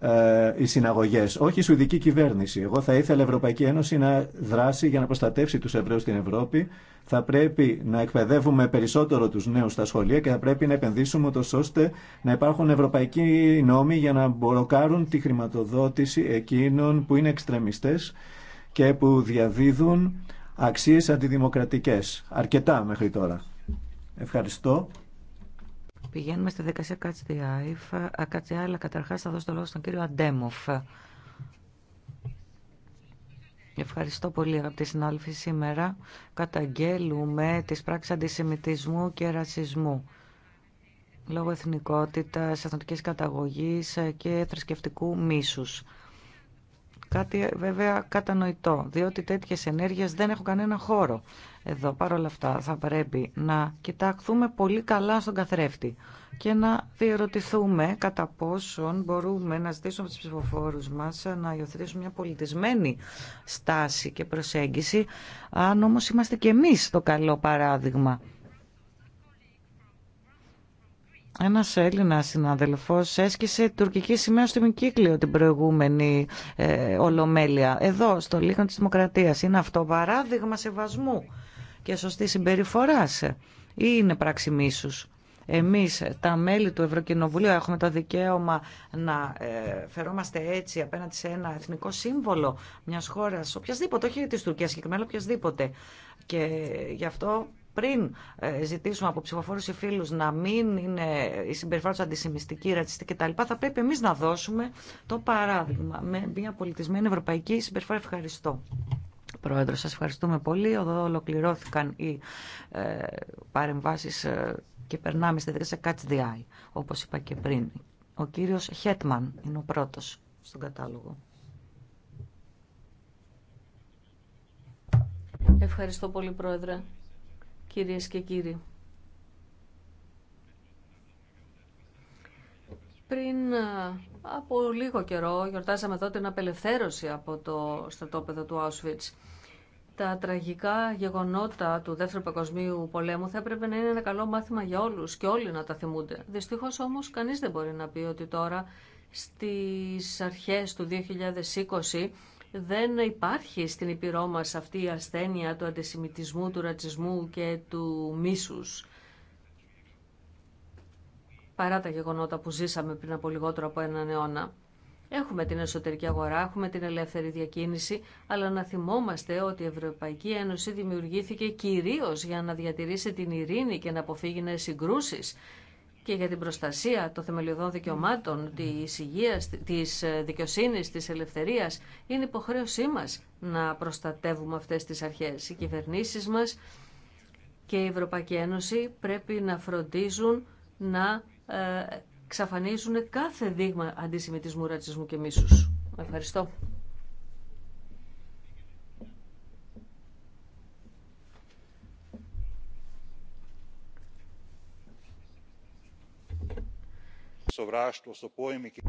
ε, ε, οι συναγωγέ. Όχι η Σουηδική κυβέρνηση. Εγώ θα ήθελα η Ευρωπαϊκή Ένωση να δράσει για να προστατεύσει του Εβραίου στην Ευρώπη. Θα πρέπει να εκπαιδεύουμε περισσότερο του νέου στα σχολεία και θα πρέπει να επενδύσουμε τόσο ώστε να υπάρχουν ευρωπαϊκοί νόμοι για να μποροκάρουν τη χρηματοδότηση εκείνων που είναι εξτρεμιστέ και που διαδίδουν αξίες αντιδημοκρατικές. Αρκετά μέχρι τώρα. Ευχαριστώ. Πηγαίνουμε στη δικασία Κατσιά, αλλά καταρχάς θα δώσω το λόγο στον κύριο Αντέμοφ. Ευχαριστώ πολύ αγαπητοί συνάδελφοι. Σήμερα καταγγέλουμε τις πράξεις αντισημιτισμού και ρασισμού λόγω εθνικότητας, εθνικής καταγωγής και θρησκευτικού μίσους. Κάτι βέβαια κατανοητό, διότι τέτοιες ενέργειες δεν έχουν κανένα χώρο εδώ. παρόλα αυτά θα πρέπει να κοιτάξουμε πολύ καλά στον καθρέφτη και να διερωτηθούμε κατά πόσον μπορούμε να ζητήσουμε τις τους ψηφοφόρους μας να υιοθετήσουμε μια πολιτισμένη στάση και προσέγγιση, αν όμως είμαστε και εμείς το καλό παράδειγμα ένας Έλληνα συναδελφός έσκησε τουρκική σημαία στο Μικύκλιο την προηγούμενη ε, Ολομέλεια. Εδώ, στο Λίγον τη Δημοκρατία, Είναι αυτό παράδειγμα σεβασμού και σωστή συμπεριφορά ή είναι πράξη μίσου. Εμεί, τα μέλη του Ευρωκοινοβουλίου έχουμε το δικαίωμα να ε, φερόμαστε έτσι απέναντι σε ένα εθνικό σύμβολο μια χώρα, οποιασδήποτε, όχι τη Τουρκία συγκεκριμένα, οποιασδήποτε. Και γι' αυτό πριν ε, ζητήσουμε από ψηφοφόρου ή φίλου να μην είναι η συμπεριφορά του αντισημιστική, ρατσιστική κτλ., θα πρέπει εμεί να δώσουμε το παράδειγμα με μια πολιτισμένη ευρωπαϊκή συμπεριφορά. Ευχαριστώ. Πρόεδρο, σας ευχαριστούμε πολύ. Εδώ ολοκληρώθηκαν οι ε, παρεμβάσεις ε, και περνάμε στη σε Catch the Eye, όπως είπα και πριν. Ο κύριος Χέτμαν είναι ο πρώτος στον κατάλογο. Ευχαριστώ πολύ, Πρόεδρε κυρίες και κύριοι. Πριν από λίγο καιρό γιορτάσαμε τότε την απελευθέρωση από το στρατόπεδο του Auschwitz. Τα τραγικά γεγονότα του Δεύτερου Παγκοσμίου Πολέμου θα έπρεπε να είναι ένα καλό μάθημα για όλους και όλοι να τα θυμούνται. Δυστυχώς όμως κανείς δεν μπορεί να πει ότι τώρα στις αρχές του 2020 δεν υπάρχει στην υπηρό μας αυτή η ασθένεια του αντισημιτισμού, του ρατσισμού και του μίσους. Παρά τα γεγονότα που ζήσαμε πριν από λιγότερο από έναν αιώνα. Έχουμε την εσωτερική αγορά, έχουμε την ελεύθερη διακίνηση, αλλά να θυμόμαστε ότι η Ευρωπαϊκή Ένωση δημιουργήθηκε κυρίως για να διατηρήσει την ειρήνη και να αποφύγει νέες συγκρούσεις και για την προστασία των θεμελιωδών δικαιωμάτων, της υγείας, της δικαιοσύνης, της ελευθερίας. Είναι υποχρέωσή μας να προστατεύουμε αυτές τις αρχές. Οι κυβερνήσεις μας και η Ευρωπαϊκή Ένωση πρέπει να φροντίζουν να ε, ξαφανίζουν κάθε δείγμα αντισημιτισμού, ρατσισμού και μίσους. Ευχαριστώ.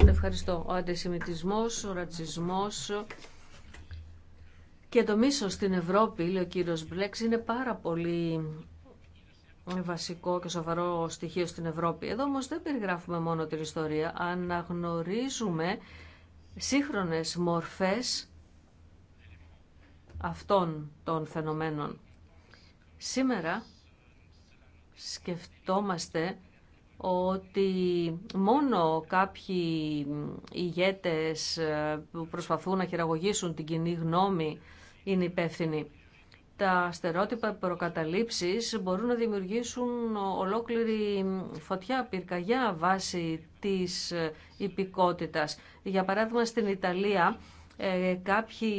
Ευχαριστώ. Ο αντισημιτισμός, ο ρατσισμός και το μίσος στην Ευρώπη, λέει ο κύριο Μπλέξ, είναι πάρα πολύ βασικό και σοβαρό στοιχείο στην Ευρώπη. Εδώ όμω δεν περιγράφουμε μόνο την ιστορία, αναγνωρίζουμε σύγχρονες μορφές αυτών των φαινομένων. Σήμερα σκεφτόμαστε ότι μόνο κάποιοι ηγέτες ε, που προσπαθούν να χειραγωγήσουν την κοινή γνώμη είναι υπεύθυνοι. Τα στερότυπα προκαταλήψεις μπορούν να δημιουργήσουν ολόκληρη φωτιά, πυρκαγιά βάσει της ε, υπηκότητας. Για παράδειγμα στην Ιταλία ε, κάποιοι,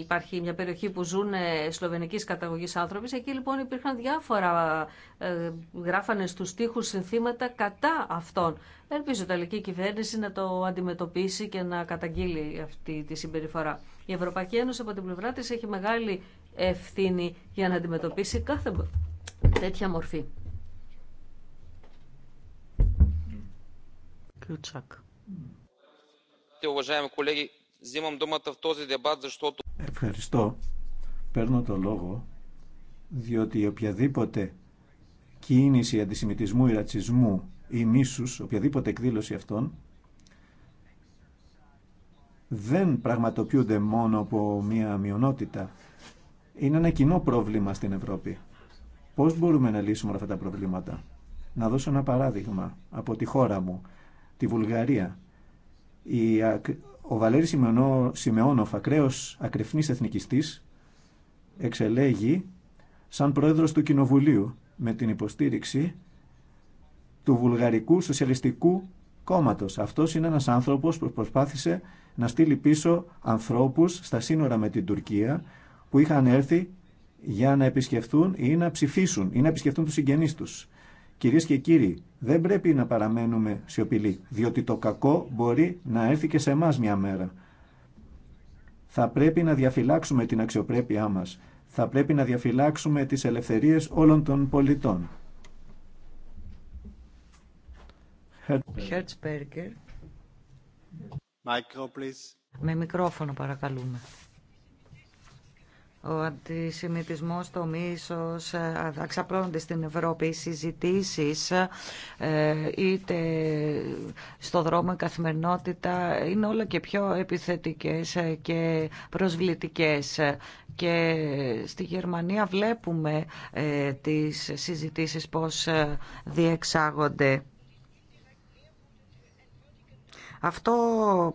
υπάρχει μια περιοχή που ζουν ε, σλοβενική καταγωγή άνθρωποι, εκεί λοιπόν υπήρχαν διάφορα, ε, γράφανε στου τοίχου συνθήματα κατά αυτών. Ελπίζω η Ιταλική κυβέρνηση να το αντιμετωπίσει και να καταγγείλει αυτή τη συμπεριφορά. Η Ευρωπαϊκή Ένωση από την πλευρά τη έχει μεγάλη ευθύνη για να αντιμετωπίσει κάθε τέτοια μορφή. Ευχαριστώ. Παίρνω το λόγο διότι οποιαδήποτε κίνηση αντισημιτισμού ή ρατσισμού ή μίσους, οποιαδήποτε εκδήλωση αυτών, δεν πραγματοποιούνται μόνο από μία μειονότητα. Είναι ένα κοινό πρόβλημα στην Ευρώπη. Πώς μπορούμε να λύσουμε αυτά τα προβλήματα. Να δώσω ένα παράδειγμα από τη χώρα μου, τη Βουλγαρία. Η ο Βαλέρη Σιμεώνοφ, ακραίο ακρεφνής εθνικιστής, εξελέγει σαν πρόεδρος του Κοινοβουλίου με την υποστήριξη του Βουλγαρικού Σοσιαλιστικού Κόμματος. Αυτό είναι ένας άνθρωπος που προσπάθησε να στείλει πίσω ανθρώπους στα σύνορα με την Τουρκία που είχαν έρθει για να επισκεφθούν ή να ψηφίσουν ή να επισκεφθούν του συγγενείς τους. Κυρίε και κύριοι, δεν πρέπει να παραμένουμε σιωπηλοί, διότι το κακό μπορεί να έρθει και σε εμά μια μέρα. Θα πρέπει να διαφυλάξουμε την αξιοπρέπειά μας. Θα πρέπει να διαφυλάξουμε τις ελευθερίες όλων των πολιτών. Με μικρόφωνο παρακαλούμε ο αντισημιτισμός, το μίσος ε, αξαπλώνονται στην Ευρώπη. Οι συζητήσεις ε, είτε στο δρόμο η καθημερινότητα είναι όλο και πιο επιθετικές ε, και προσβλητικές. Και στη Γερμανία βλέπουμε τις συζητήσεις πώς διεξάγονται. Αυτό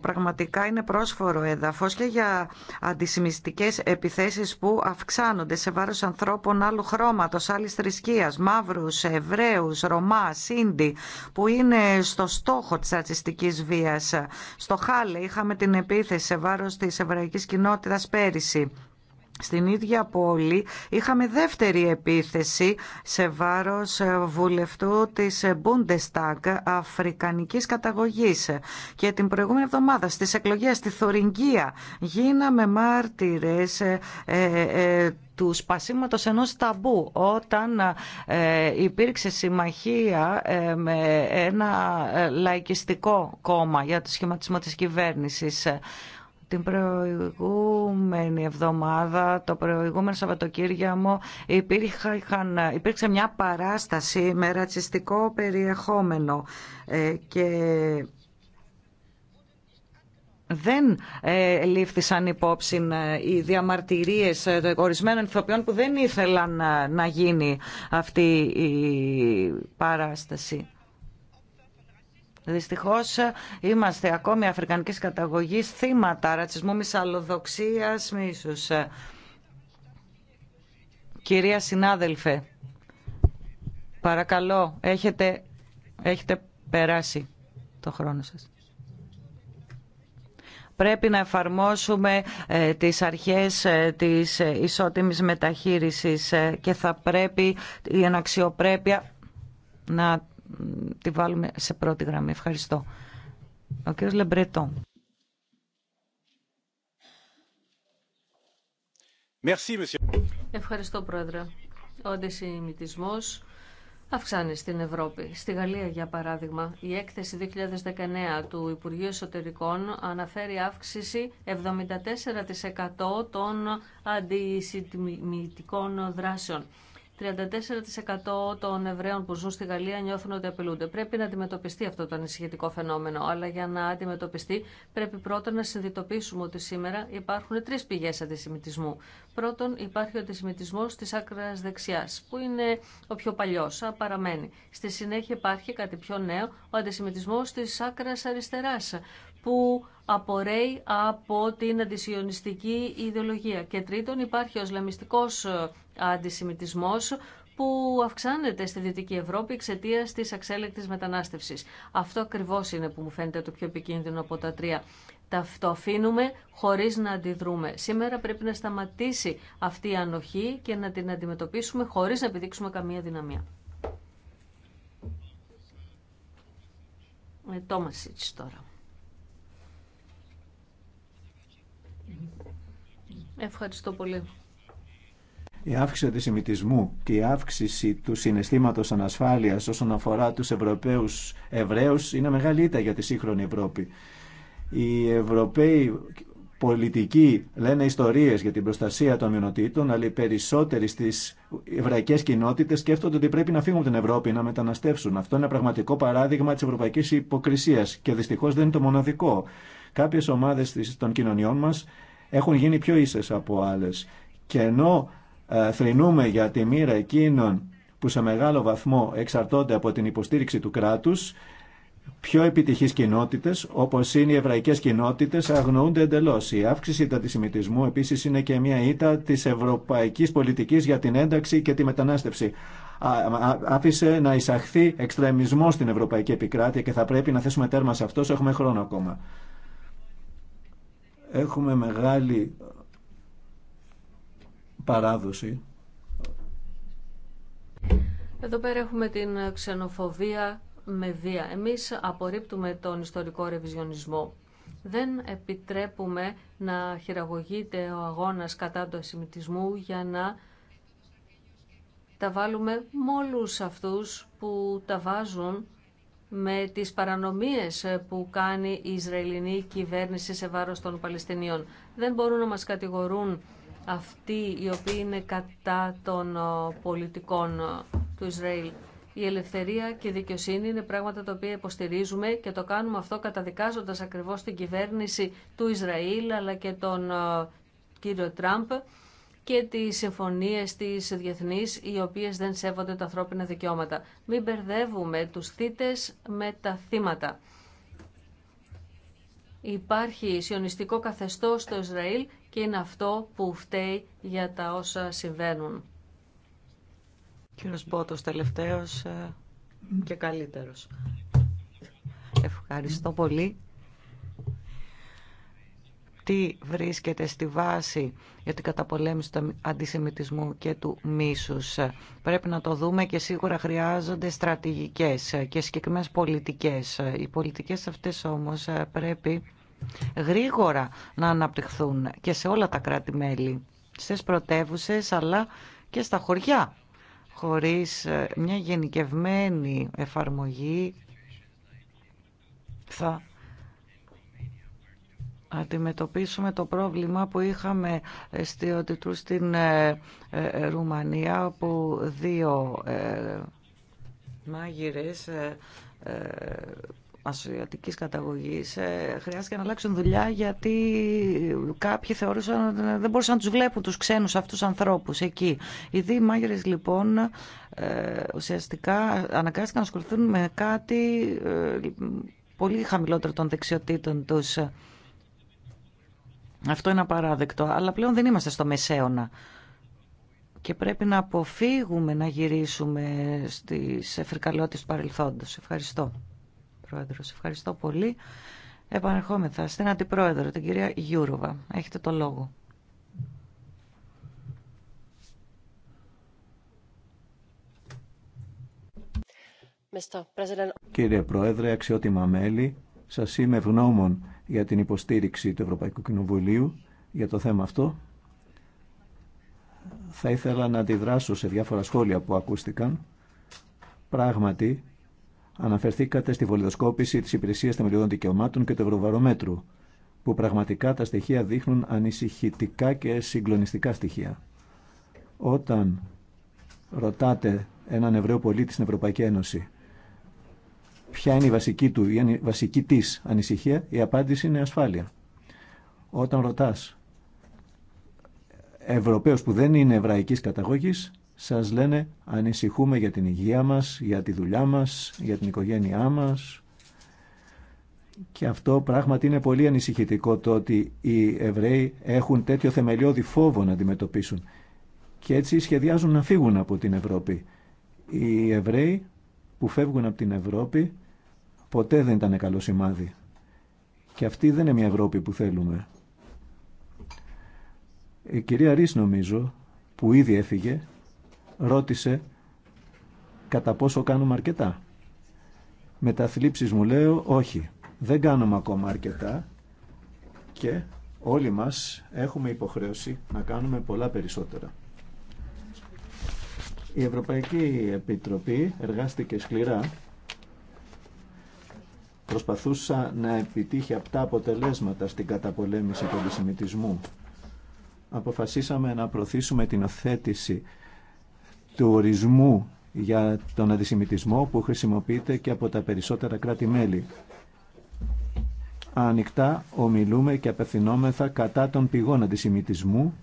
πραγματικά είναι πρόσφορο έδαφος και για αντισημιστικές επιθέσεις που αυξάνονται σε βάρος ανθρώπων άλλου χρώματος, άλλης θρησκείας, μαύρους, Εβραίους, Ρωμά, Σίντι, που είναι στο στόχο της ρατσιστικής βίας. Στο Χάλε είχαμε την επίθεση σε βάρος της εβραϊκής κοινότητας πέρυσι στην ίδια πόλη είχαμε δεύτερη επίθεση σε βάρος ε, βουλευτού της Bundestag αφρικανικής καταγωγής και την προηγούμενη εβδομάδα στις εκλογές στη Θορυγγία γίναμε μάρτυρες ε, ε, του σπασίματος ενός ταμπού όταν υπήρξε συμμαχία με ένα λαϊκιστικό κόμμα για το σχηματισμό της κυβέρνησης. Την προηγούμενη εβδομάδα, το προηγούμενο Σαββατοκύριακο, υπήρξε μια παράσταση με ρατσιστικό περιεχόμενο ε, και δεν ε, λήφθησαν υπόψη ε, οι διαμαρτυρίες ε, ορισμένων ηθοποιών που δεν ήθελαν να γίνει αυτή η παράσταση. Δυστυχώ, ε, είμαστε ακόμη Αφρικανική Καταγωγή θύματα ρατσισμού, μυσαλλοδοξία, μίσου. Ε, κυρία συνάδελφε, παρακαλώ, έχετε, έχετε περάσει το χρόνο σας. Πρέπει να εφαρμόσουμε ε, τις αρχές της ισότιμης μεταχείρισης και θα πρέπει η αναξιοπρέπεια να τη βάλουμε σε πρώτη γραμμή. Ευχαριστώ. Ο κύριος Λεμπρετό. Ευχαριστώ, Πρόεδρε. Ο αντισημιτισμός αυξάνει στην Ευρώπη. Στη Γαλλία, για παράδειγμα, η έκθεση 2019 του Υπουργείου Εσωτερικών αναφέρει αύξηση 74% των αντισημιτικών δράσεων. 34% των Εβραίων που ζουν στη Γαλλία νιώθουν ότι απειλούνται. Πρέπει να αντιμετωπιστεί αυτό το ανησυχητικό φαινόμενο. Αλλά για να αντιμετωπιστεί, πρέπει πρώτον να συνειδητοποιήσουμε ότι σήμερα υπάρχουν τρει πηγέ αντισημιτισμού. Πρώτον, υπάρχει ο αντισημιτισμό τη άκρα δεξιά, που είναι ο πιο παλιό, παραμένει. Στη συνέχεια υπάρχει κάτι πιο νέο, ο αντισημιτισμό τη άκρα αριστερά, που απορρέει από την αντισιωνιστική ιδεολογία. Και τρίτον υπάρχει ο Ισλαμιστικό ε, αντισημιτισμό που αυξάνεται στη Δυτική Ευρώπη εξαιτία τη αξέλεκτη μετανάστευση. Αυτό ακριβώ είναι που μου φαίνεται το πιο επικίνδυνο από τα τρία. Το αφήνουμε χωρί να αντιδρούμε. Σήμερα πρέπει να σταματήσει αυτή η ανοχή και να την αντιμετωπίσουμε χωρί να επιδείξουμε καμία δυναμία. Ε, τώρα. Ευχαριστώ πολύ. Η αύξηση του αντισημιτισμού και η αύξηση του συναισθήματος ανασφάλειας όσον αφορά τους Ευρωπαίους Εβραίου είναι μεγάλη ήττα για τη σύγχρονη Ευρώπη. Οι Ευρωπαίοι πολιτικοί λένε ιστορίες για την προστασία των μειονοτήτων, αλλά οι περισσότεροι στις εβραϊκές κοινότητες σκέφτονται ότι πρέπει να φύγουν από την Ευρώπη, να μεταναστεύσουν. Αυτό είναι ένα πραγματικό παράδειγμα της ευρωπαϊκής υποκρισίας και δυστυχώ δεν είναι το μοναδικό. Κάποιες ομάδες των κοινωνιών μας έχουν γίνει πιο ίσες από άλλες. Και ενώ ε, θρυνούμε για τη μοίρα εκείνων που σε μεγάλο βαθμό εξαρτώνται από την υποστήριξη του κράτους, πιο επιτυχείς κοινότητες, όπως είναι οι εβραϊκές κοινότητες, αγνοούνται εντελώς. Η αύξηση του αντισημιτισμού επίσης είναι και μια ήττα της ευρωπαϊκής πολιτικής για την ένταξη και τη μετανάστευση. Άφησε να εισαχθεί εξτρεμισμό στην ευρωπαϊκή επικράτεια και θα πρέπει να θέσουμε τέρμα σε αυτό. Έχουμε χρόνο ακόμα έχουμε μεγάλη παράδοση. Εδώ πέρα έχουμε την ξενοφοβία με βία. Εμείς απορρίπτουμε τον ιστορικό ρεβιζιονισμό. Δεν επιτρέπουμε να χειραγωγείται ο αγώνας κατά του ασημιτισμού για να τα βάλουμε με αυτούς που τα βάζουν με τις παρανομίες που κάνει η Ισραηλινή κυβέρνηση σε βάρος των Παλαιστινίων. Δεν μπορούν να μας κατηγορούν αυτοί οι οποίοι είναι κατά των ε, πολιτικών ε, του Ισραήλ. Η ελευθερία και η δικαιοσύνη είναι πράγματα τα οποία υποστηρίζουμε και το κάνουμε αυτό καταδικάζοντας ακριβώς την κυβέρνηση του Ισραήλ αλλά και τον ε, κύριο Τραμπ και τι συμφωνίε τη διεθνή οι οποίες δεν σέβονται τα ανθρώπινα δικαιώματα. Μην μπερδεύουμε του θύτες με τα θύματα. Υπάρχει σιωνιστικό καθεστώς στο Ισραήλ και είναι αυτό που φταίει για τα όσα συμβαίνουν. Κύριος Μπότος, τελευταίος ε, και καλύτερος. Ευχαριστώ πολύ τι βρίσκεται στη βάση για την καταπολέμηση του αντισημιτισμού και του μίσους. Πρέπει να το δούμε και σίγουρα χρειάζονται στρατηγικές και συγκεκριμένες πολιτικές. Οι πολιτικές αυτές όμως πρέπει γρήγορα να αναπτυχθούν και σε όλα τα κράτη-μέλη, στις πρωτεύουσες αλλά και στα χωριά χωρίς μια γενικευμένη εφαρμογή θα αντιμετωπίσουμε το πρόβλημα που είχαμε στιωτητού στην ε, ε, ε, Ρουμανία όπου δύο μάγειρες ασιατικής καταγωγής χρειάστηκε να αλλάξουν δουλειά γιατί κάποιοι θεωρούσαν δεν μπορούσαν να τους βλέπουν τους ξένους αυτούς ανθρώπους εκεί. Οι δύο μάγειρες λοιπόν ουσιαστικά αναγκάστηκαν να ασχοληθούν με κάτι πολύ χαμηλότερο των δεξιοτήτων τους. Αυτό είναι απαράδεκτο, αλλά πλέον δεν είμαστε στο μεσαίωνα. Και πρέπει να αποφύγουμε να γυρίσουμε στις εφρικαλότητες του παρελθόντος. Ευχαριστώ, Πρόεδρος. Ευχαριστώ πολύ. Επανερχόμεθα στην Αντιπρόεδρο, την κυρία Γιούροβα. Έχετε το λόγο. Κύριε Πρόεδρε, αξιότιμα μέλη, σας είμαι ευγνώμων για την υποστήριξη του Ευρωπαϊκού Κοινοβουλίου για το θέμα αυτό. Θα ήθελα να αντιδράσω σε διάφορα σχόλια που ακούστηκαν. Πράγματι, αναφερθήκατε στη βολιδοσκόπηση της Υπηρεσίας Θεμελιωδών Δικαιωμάτων και του Ευρωβαρομέτρου, που πραγματικά τα στοιχεία δείχνουν ανησυχητικά και συγκλονιστικά στοιχεία. Όταν ρωτάτε έναν Εβραίο πολίτη στην Ευρωπαϊκή Ένωση ποια είναι η βασική του ή η βασική της ανησυχία, της είναι ασφάλεια. Όταν ρωτάς Ευρωπαίους που δεν είναι εβραϊκής καταγωγής, σας λένε ανησυχούμε για την υγεία μας, για τη δουλειά μας, για την οικογένειά μας. Και αυτό πράγματι είναι πολύ ανησυχητικό το ότι οι Εβραίοι έχουν τέτοιο θεμελιώδη φόβο να αντιμετωπίσουν. Και έτσι σχεδιάζουν να φύγουν από την Ευρώπη. Οι Εβραίοι που φεύγουν από την Ευρώπη ποτέ δεν ήταν καλό σημάδι. Και αυτή δεν είναι μια Ευρώπη που θέλουμε. Η κυρία Ρίς νομίζω που ήδη έφυγε ρώτησε κατά πόσο κάνουμε αρκετά. Με τα θλίψεις μου λέω όχι. Δεν κάνουμε ακόμα αρκετά και όλοι μας έχουμε υποχρέωση να κάνουμε πολλά περισσότερα. Η Ευρωπαϊκή Επιτροπή εργάστηκε σκληρά. Προσπαθούσα να επιτύχει απτά αποτελέσματα στην καταπολέμηση του αντισημιτισμού. Αποφασίσαμε να προωθήσουμε την οθέτηση του ορισμού για τον αντισημιτισμό που χρησιμοποιείται και από τα περισσότερα κράτη-μέλη. Ανοιχτά ομιλούμε και απευθυνόμεθα κατά των πηγών αντισημιτισμού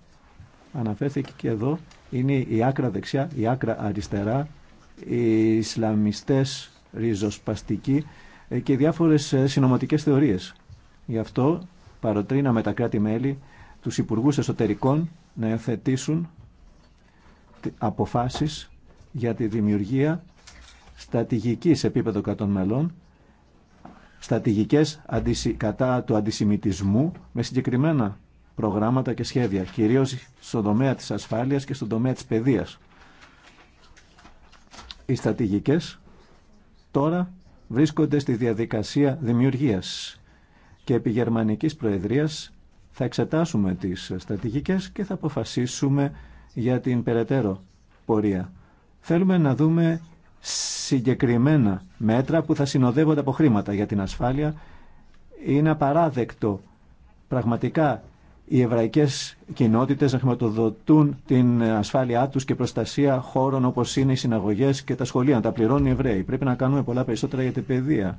αναφέρθηκε και εδώ, είναι η άκρα δεξιά, η άκρα αριστερά, οι Ισλαμιστές ριζοσπαστικοί ε, και διάφορες ε, συνωματικές θεωρίες. Γι' αυτό παροτρύναμε τα κράτη-μέλη, τους Υπουργούς Εσωτερικών, να εθετήσουν αποφάσεις για τη δημιουργία στατηγικής επίπεδο κατών μελών, στατηγικές κατά του αντισημιτισμού με συγκεκριμένα προγράμματα και σχέδια, κυρίως στον τομέα της ασφάλειας και στον τομέα της παιδείας. Οι στρατηγικές τώρα βρίσκονται στη διαδικασία δημιουργίας και επί γερμανικής προεδρίας θα εξετάσουμε τις στρατηγικές και θα αποφασίσουμε για την περαιτέρω πορεία. Θέλουμε να δούμε συγκεκριμένα μέτρα που θα συνοδεύονται από χρήματα για την ασφάλεια. Είναι απαράδεκτο πραγματικά οι εβραϊκές κοινότητες να χρηματοδοτούν την ασφάλειά τους και προστασία χώρων όπως είναι οι συναγωγές και τα σχολεία, να τα πληρώνουν οι Εβραίοι. Πρέπει να κάνουμε πολλά περισσότερα για την παιδεία.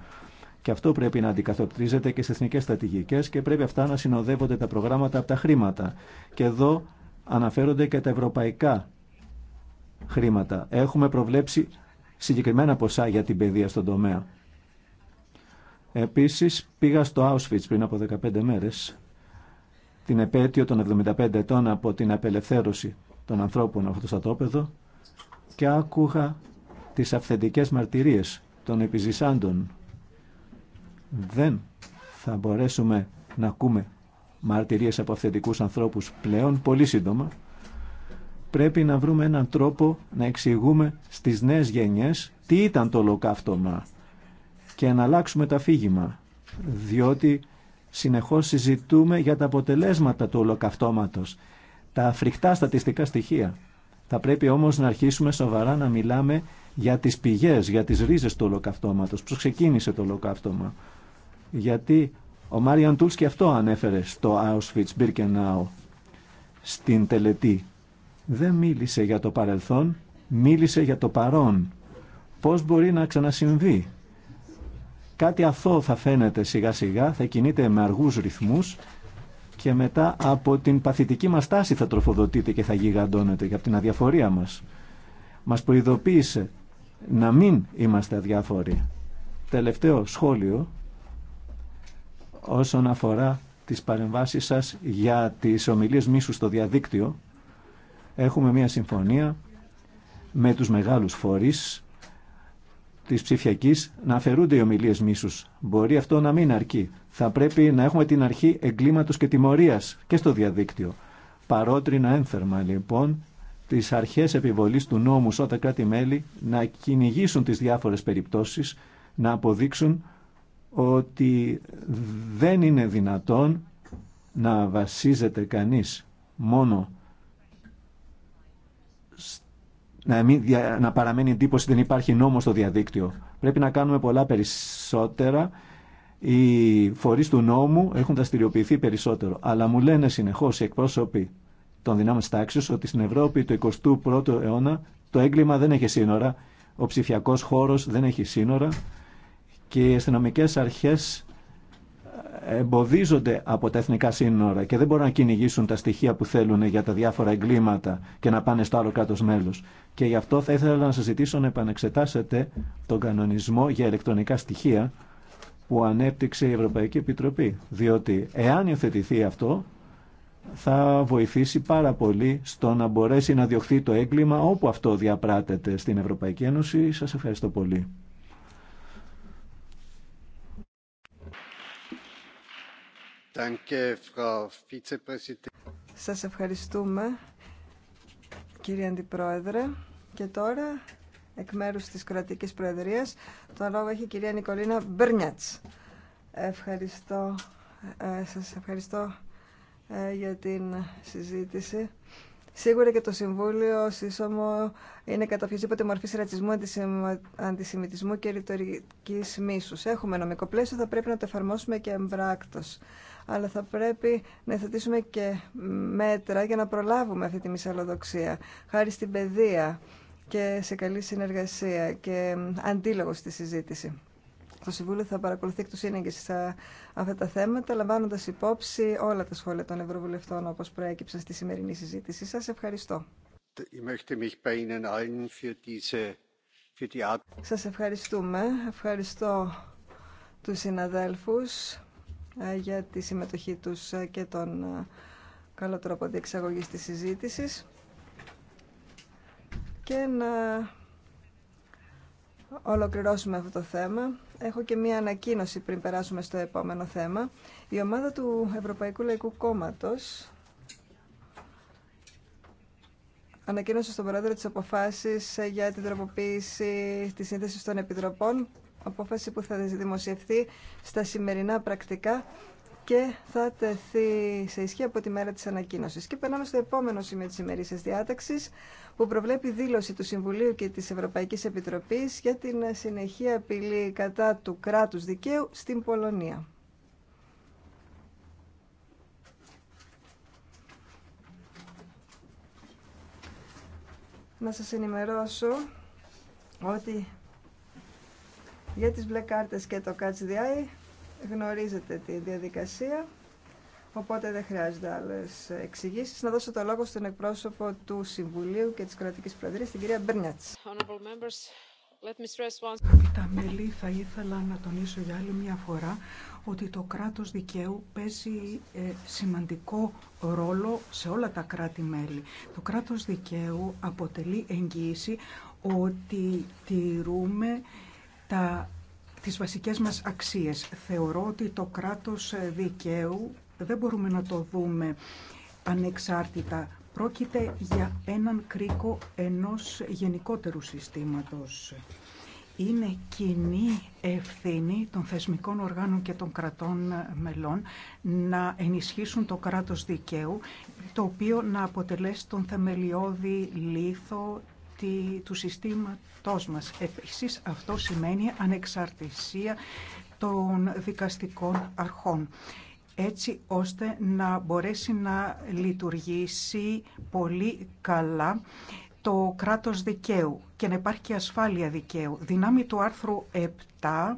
Και αυτό πρέπει να αντικαθοπτρίζεται και στι εθνικέ στρατηγικέ και πρέπει αυτά να συνοδεύονται τα προγράμματα από τα χρήματα. Και εδώ αναφέρονται και τα ευρωπαϊκά χρήματα. Έχουμε προβλέψει συγκεκριμένα ποσά για την παιδεία στον τομέα. Επίσης πήγα στο Auschwitz πριν από 15 μέρες την επέτειο των 75 ετών από την απελευθέρωση των ανθρώπων από το στατόπεδο και άκουγα τις αυθεντικές μαρτυρίες των επιζησάντων. Δεν θα μπορέσουμε να ακούμε μαρτυρίες από αυθεντικούς ανθρώπους πλέον πολύ σύντομα. Πρέπει να βρούμε έναν τρόπο να εξηγούμε στις νέες γενιές τι ήταν το ολοκαύτωμα και να αλλάξουμε το αφήγημα, διότι Συνεχώς συζητούμε για τα αποτελέσματα του ολοκαυτώματος, τα φρικτά στατιστικά στοιχεία. Θα πρέπει όμως να αρχίσουμε σοβαρά να μιλάμε για τις πηγές, για τις ρίζες του ολοκαυτώματος. Που ξεκίνησε το ολοκαύτωμα. Γιατί ο Μάριαν Τούλς και αυτό ανέφερε στο Auschwitz-Birkenau στην τελετή. Δεν μίλησε για το παρελθόν, μίλησε για το παρόν. Πώς μπορεί να ξανασυμβεί Κάτι αθώο θα φαίνεται σιγά σιγά, θα κινείται με αργούς ρυθμούς και μετά από την παθητική μας τάση θα τροφοδοτείται και θα γιγαντώνεται και από την αδιαφορία μας. Μας προειδοποίησε να μην είμαστε αδιάφοροι. Τελευταίο σχόλιο όσον αφορά τις παρεμβάσεις σας για τις ομιλίες μίσου στο διαδίκτυο. Έχουμε μια συμφωνία με τους μεγάλους φορείς τη ψηφιακή να αφαιρούνται οι ομιλίε μίσου. Μπορεί αυτό να μην αρκεί. Θα πρέπει να έχουμε την αρχή εγκλήματο και τιμωρία και στο διαδίκτυο. Παρότρινα ένθερμα λοιπόν τι αρχέ επιβολή του νόμου σε όταν κράτη-μέλη να κυνηγήσουν τι διάφορε περιπτώσει, να αποδείξουν ότι δεν είναι δυνατόν να βασίζεται κανείς μόνο να, μην, να παραμένει εντύπωση δεν υπάρχει νόμο στο διαδίκτυο. Πρέπει να κάνουμε πολλά περισσότερα. Οι φορείς του νόμου έχουν δραστηριοποιηθεί περισσότερο. Αλλά μου λένε συνεχώς οι εκπρόσωποι των δυνάμεων τάξης ότι στην Ευρώπη του 21ου αιώνα το έγκλημα δεν έχει σύνορα, ο ψηφιακό χώρος δεν έχει σύνορα και οι αστυνομικέ αρχέ εμποδίζονται από τα εθνικά σύνορα και δεν μπορούν να κυνηγήσουν τα στοιχεία που θέλουν για τα διάφορα εγκλήματα και να πάνε στο άλλο κράτο μέλο. Και γι' αυτό θα ήθελα να σα ζητήσω να επανεξετάσετε τον κανονισμό για ηλεκτρονικά στοιχεία που ανέπτυξε η Ευρωπαϊκή Επιτροπή. Διότι εάν υιοθετηθεί αυτό θα βοηθήσει πάρα πολύ στο να μπορέσει να διωχθεί το έγκλημα όπου αυτό διαπράτεται στην Ευρωπαϊκή Ένωση. Σας ευχαριστώ πολύ. Σας ευχαριστούμε, κύριε Αντιπρόεδρε. Και τώρα, εκ μέρους της Κροατικής Προεδρίας, το λόγο έχει η κυρία Νικολίνα Μπέρνιατς. Ευχαριστώ, ε, σας ευχαριστώ ε, για την συζήτηση. Σίγουρα και το Συμβούλιο Σύσσωμο είναι κατά οποιασδήποτε μορφή ρατσισμού, αντισημιτισμού και ρητορική μίσου. Έχουμε νομικό πλαίσιο, θα πρέπει να το εφαρμόσουμε και εμπράκτο. Αλλά θα πρέπει να εθετήσουμε και μέτρα για να προλάβουμε αυτή τη μυσαλλοδοξία. Χάρη στην παιδεία και σε καλή συνεργασία και αντίλογο στη συζήτηση. Το Συμβούλιο θα παρακολουθεί εκ του αυτά τα θέματα, λαμβάνοντα υπόψη όλα τα σχόλια των Ευρωβουλευτών, όπω προέκυψαν στη σημερινή συζήτηση. Σα ευχαριστώ. Σας ευχαριστούμε. Ευχαριστώ τους συναδέλφους ε, για τη συμμετοχή τους ε, και τον ε, καλό τρόπο διεξαγωγής της συζήτησης και να ολοκληρώσουμε αυτό το θέμα, έχω και μία ανακοίνωση πριν περάσουμε στο επόμενο θέμα. Η ομάδα του Ευρωπαϊκού Λαϊκού Κόμματος ανακοίνωσε στον πρόεδρο τις αποφάσεις για την τροποποίηση της σύνθεσης των επιτροπών, απόφαση που θα δημοσιευθεί στα σημερινά πρακτικά και θα τεθεί σε ισχύ από τη μέρα της ανακοίνωσης. Και περνάμε στο επόμενο σημείο της ημερήσιας διάταξης που προβλέπει δήλωση του Συμβουλίου και της Ευρωπαϊκής Επιτροπής για την συνεχή απειλή κατά του κράτους δικαίου στην Πολωνία. Να σας ενημερώσω ότι για τις μπλε κάρτες και το Catch the Eye γνωρίζετε τη διαδικασία, οπότε δεν χρειάζεται άλλες εξηγήσει. Να δώσω το λόγο στον εκπρόσωπο του Συμβουλίου και της Κρατικής Προεδρίας, την κυρία Μπέρνιατς. Τα μέλη θα ήθελα να τονίσω για άλλη μια φορά ότι το κράτος δικαίου παίζει ε, σημαντικό ρόλο σε όλα τα κράτη-μέλη. Το κράτος δικαίου αποτελεί εγγύηση ότι τηρούμε τα τις βασικές μας αξίες. Θεωρώ ότι το κράτος ε, δικαίου δεν μπορούμε να το δούμε ανεξάρτητα. Πρόκειται για έναν κρίκο ενός γενικότερου συστήματος. Είναι κοινή ευθύνη των θεσμικών οργάνων και των κρατών ε, μελών να ενισχύσουν το κράτος δικαίου, το οποίο να αποτελέσει τον θεμελιώδη λίθο του συστήματός μας. Επίσης αυτό σημαίνει ανεξαρτησία των δικαστικών αρχών έτσι ώστε να μπορέσει να λειτουργήσει πολύ καλά το κράτος δικαίου και να υπάρχει και ασφάλεια δικαίου. Δυνάμει του άρθρου 7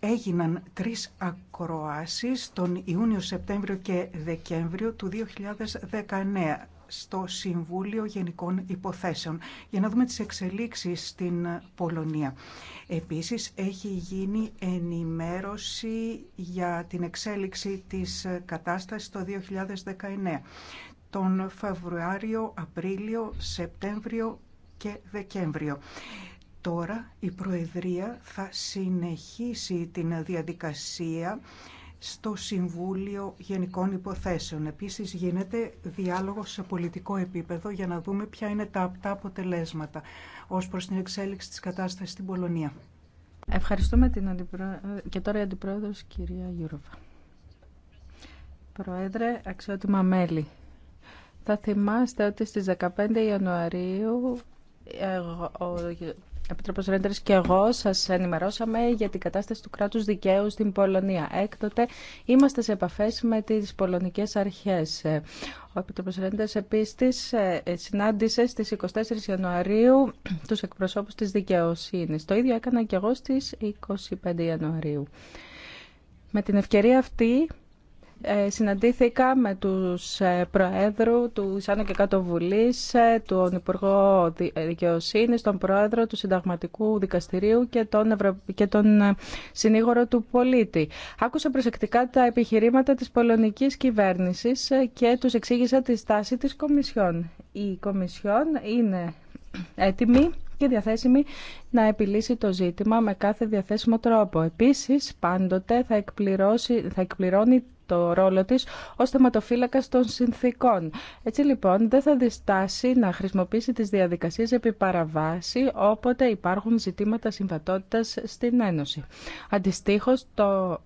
έγιναν τρεις ακροάσεις τον Ιούνιο, Σεπτέμβριο και Δεκέμβριο του 2019 στο Συμβούλιο Γενικών Υποθέσεων για να δούμε τις εξελίξεις στην Πολωνία. Επίσης έχει γίνει ενημέρωση για την εξέλιξη της κατάστασης το 2019 τον Φεβρουάριο, Απρίλιο, Σεπτέμβριο και Δεκέμβριο. Τώρα η Προεδρία θα συνεχίσει την διαδικασία στο Συμβούλιο Γενικών Υποθέσεων. Επίσης γίνεται διάλογος σε πολιτικό επίπεδο για να δούμε ποια είναι τα απτά αποτελέσματα ως προς την εξέλιξη της κατάστασης στην Πολωνία. Ευχαριστούμε την αντιπρο... και τώρα η Αντιπρόεδρος κυρία Γιούροβα. Προέδρε, αξιότιμα μέλη. Θα θυμάστε ότι στις 15 Ιανουαρίου ε, ο Επιτρόπος Ρέντερς και εγώ σας ενημερώσαμε για την κατάσταση του κράτους δικαίου στην Πολωνία. Έκτοτε είμαστε σε επαφές με τις πολωνικές αρχές. Ο Επίτροπο Ρέντερς επίσης ε, συνάντησε στις 24 Ιανουαρίου τους εκπροσώπους της δικαιοσύνης. Το ίδιο έκανα και εγώ στις 25 Ιανουαρίου. Με την ευκαιρία αυτή ε, συναντήθηκα με τους ε, Προέδρου του Ισάνο και Κάτω Βουλής, ε, τον Υπουργό Δικαιοσύνης, τον Πρόεδρο του Συνταγματικού Δικαστηρίου και τον, Ευρω... τον Συνήγορο του Πολίτη. Άκουσα προσεκτικά τα επιχειρήματα της πολωνικής κυβέρνησης και τους εξήγησα τη στάση της Κομισιόν. Η Κομισιόν είναι έτοιμη και διαθέσιμη να επιλύσει το ζήτημα με κάθε διαθέσιμο τρόπο. Επίσης, πάντοτε θα, εκπληρώσει, θα εκπληρώνει το ρόλο της ως θεματοφύλακας των συνθήκων. Έτσι λοιπόν δεν θα διστάσει να χρησιμοποιήσει τις διαδικασίες επί παραβάση όποτε υπάρχουν ζητήματα συμβατότητας στην Ένωση. Αντιστοίχως το,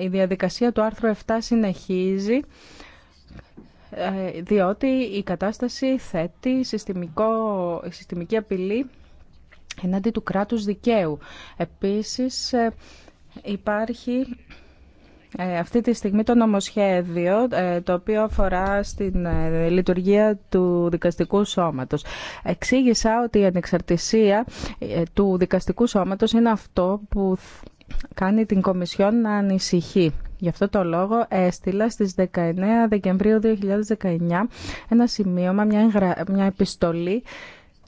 η διαδικασία του άρθρου 7 συνεχίζει ε, διότι η κατάσταση θέτει συστημικό, συστημική απειλή εναντί του κράτους δικαίου. Επίσης ε, υπάρχει ε, αυτή τη στιγμή το νομοσχέδιο ε, το οποίο αφορά στην ε, λειτουργία του δικαστικού σώματος. Εξήγησα ότι η ανεξαρτησία του δικαστικού σώματος είναι αυτό που κάνει την Κομισιόν να ανησυχεί. Γι' αυτό το λόγο έστειλα στις 19 Δεκεμβρίου 2019 ένα σημείωμα, μια, μια επιστολή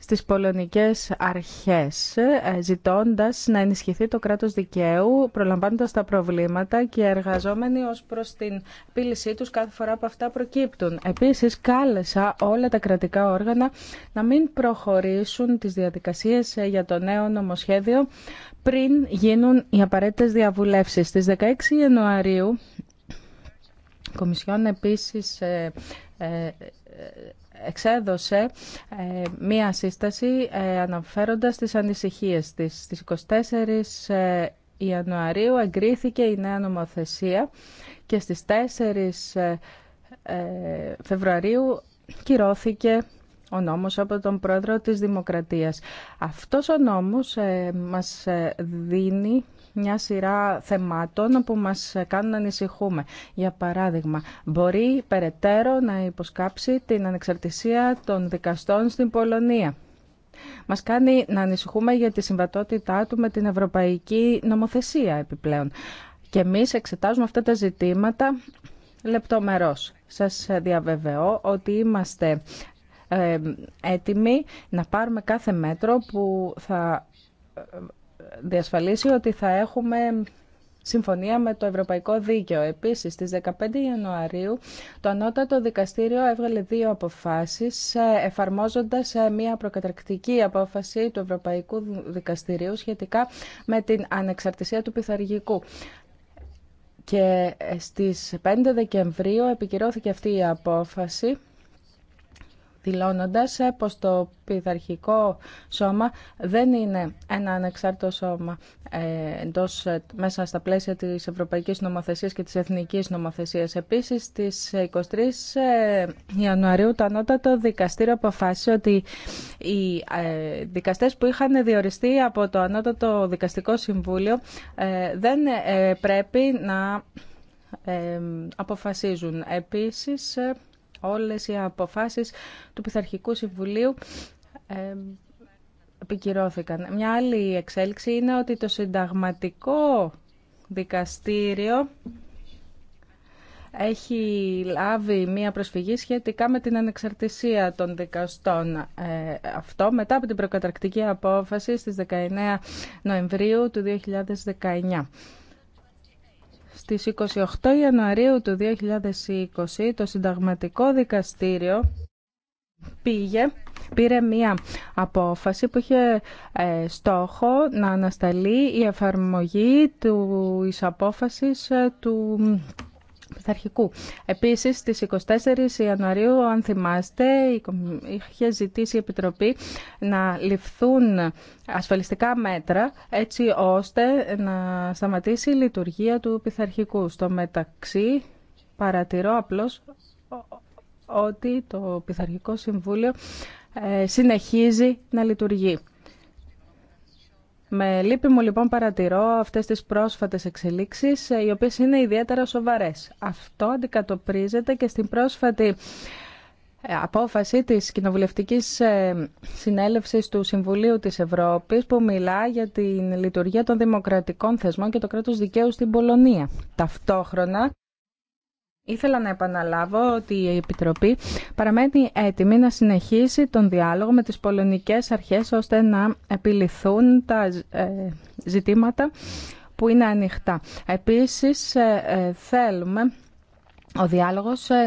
στις πολωνικές αρχές ε, ζητώντας να ενισχυθεί το κράτος δικαίου προλαμβάνοντας τα προβλήματα και εργαζόμενοι ως προς την πύλησή τους κάθε φορά που αυτά προκύπτουν. Επίσης κάλεσα όλα τα κρατικά όργανα να μην προχωρήσουν τις διαδικασίες ε, για το νέο νομοσχέδιο πριν γίνουν οι απαραίτητες διαβουλεύσεις. Στις 16 Ιανουαρίου η Κομισιόν επίσης ε, εξέδωσε ε, μία σύσταση ε, αναφέροντας τις ανησυχίες της. Στις 24 ε, Ιανουαρίου εγκρίθηκε η νέα νομοθεσία και στις 4 Φεβρουαρίου κυρώθηκε ο νόμος από τον πρόεδρο της Δημοκρατίας. Αυτός ο νόμος μας δίνει μια σειρά θεμάτων που μας κάνουν να ανησυχούμε. Για παράδειγμα, μπορεί περαιτέρω να υποσκάψει την ανεξαρτησία των δικαστών στην Πολωνία. Μας κάνει να ανησυχούμε για τη συμβατότητά του με την ευρωπαϊκή νομοθεσία επιπλέον. Και εμείς εξετάζουμε αυτά τα ζητήματα λεπτομερώς. Σας διαβεβαιώ ότι είμαστε ε, έτοιμοι να πάρουμε κάθε μέτρο που θα διασφαλίσει ότι θα έχουμε συμφωνία με το Ευρωπαϊκό Δίκαιο. Επίσης, στις 15 Ιανουαρίου, το Ανώτατο Δικαστήριο έβγαλε δύο αποφάσεις, ε, εφαρμόζοντας ε, μια προκαταρκτική απόφαση του Ευρωπαϊκού Δικαστηρίου σχετικά με την ανεξαρτησία του πειθαργικού. Και ε, στις 5 Δεκεμβρίου επικυρώθηκε αυτή η απόφαση δηλώνοντας ε, πως το πειθαρχικό σώμα δεν είναι ένα ανεξάρτητο σώμα ε, εντός, ε, μέσα στα πλαίσια της Ευρωπαϊκής Νομοθεσίας και της Εθνικής Νομοθεσίας. Επίσης, στις 23 Ιανουαρίου το Ανώτατο Δικαστήριο αποφάσισε ότι οι δικαστές που είχαν διοριστεί από το Ανώτατο Δικαστικό Συμβούλιο δεν πρέπει να αποφασίζουν. Επίσης, όλες οι αποφάσεις του Πειθαρχικού Συμβουλίου ε, επικυρώθηκαν. Μια άλλη εξέλιξη είναι ότι το συνταγματικό δικαστήριο έχει λάβει μία προσφυγή σχετικά με την ανεξαρτησία των δικαστών. Ε, αυτό μετά από την προκαταρκτική απόφαση στις 19 Νοεμβρίου του 2019. Στις 28 Ιανουαρίου του 2020 το Συνταγματικό Δικαστήριο πήγε, πήρε μία απόφαση που είχε ε, στόχο να ανασταλεί η εφαρμογή της απόφασης ε, του πειθαρχικού. Επίσης, στις 24 Ιανουαρίου, αν θυμάστε, είχε ζητήσει η Επιτροπή να ληφθούν ασφαλιστικά μέτρα έτσι ώστε να σταματήσει η λειτουργία του πειθαρχικού. Στο μεταξύ, παρατηρώ απλώς ότι το Πειθαρχικό Συμβούλιο ε, συνεχίζει να λειτουργεί. Με λύπη μου λοιπόν παρατηρώ αυτές τις πρόσφατες εξελίξεις ε, οι οποίες είναι ιδιαίτερα σοβαρές. Αυτό αντικατοπρίζεται και στην πρόσφατη ε, απόφαση της κοινοβουλευτικής ε, συνέλευσης του Συμβουλίου της Ευρώπης που μιλά για την λειτουργία των δημοκρατικών θεσμών και το κράτος δικαίου στην Πολωνία. Ταυτόχρονα Ήθελα να επαναλάβω ότι η Επιτροπή παραμένει έτοιμη να συνεχίσει τον διάλογο με τις πολωνικές αρχές ώστε να επιληθούν τα ε, ζητήματα που είναι ανοιχτά. Επίσης, ε, ε, θέλουμε ο διάλογος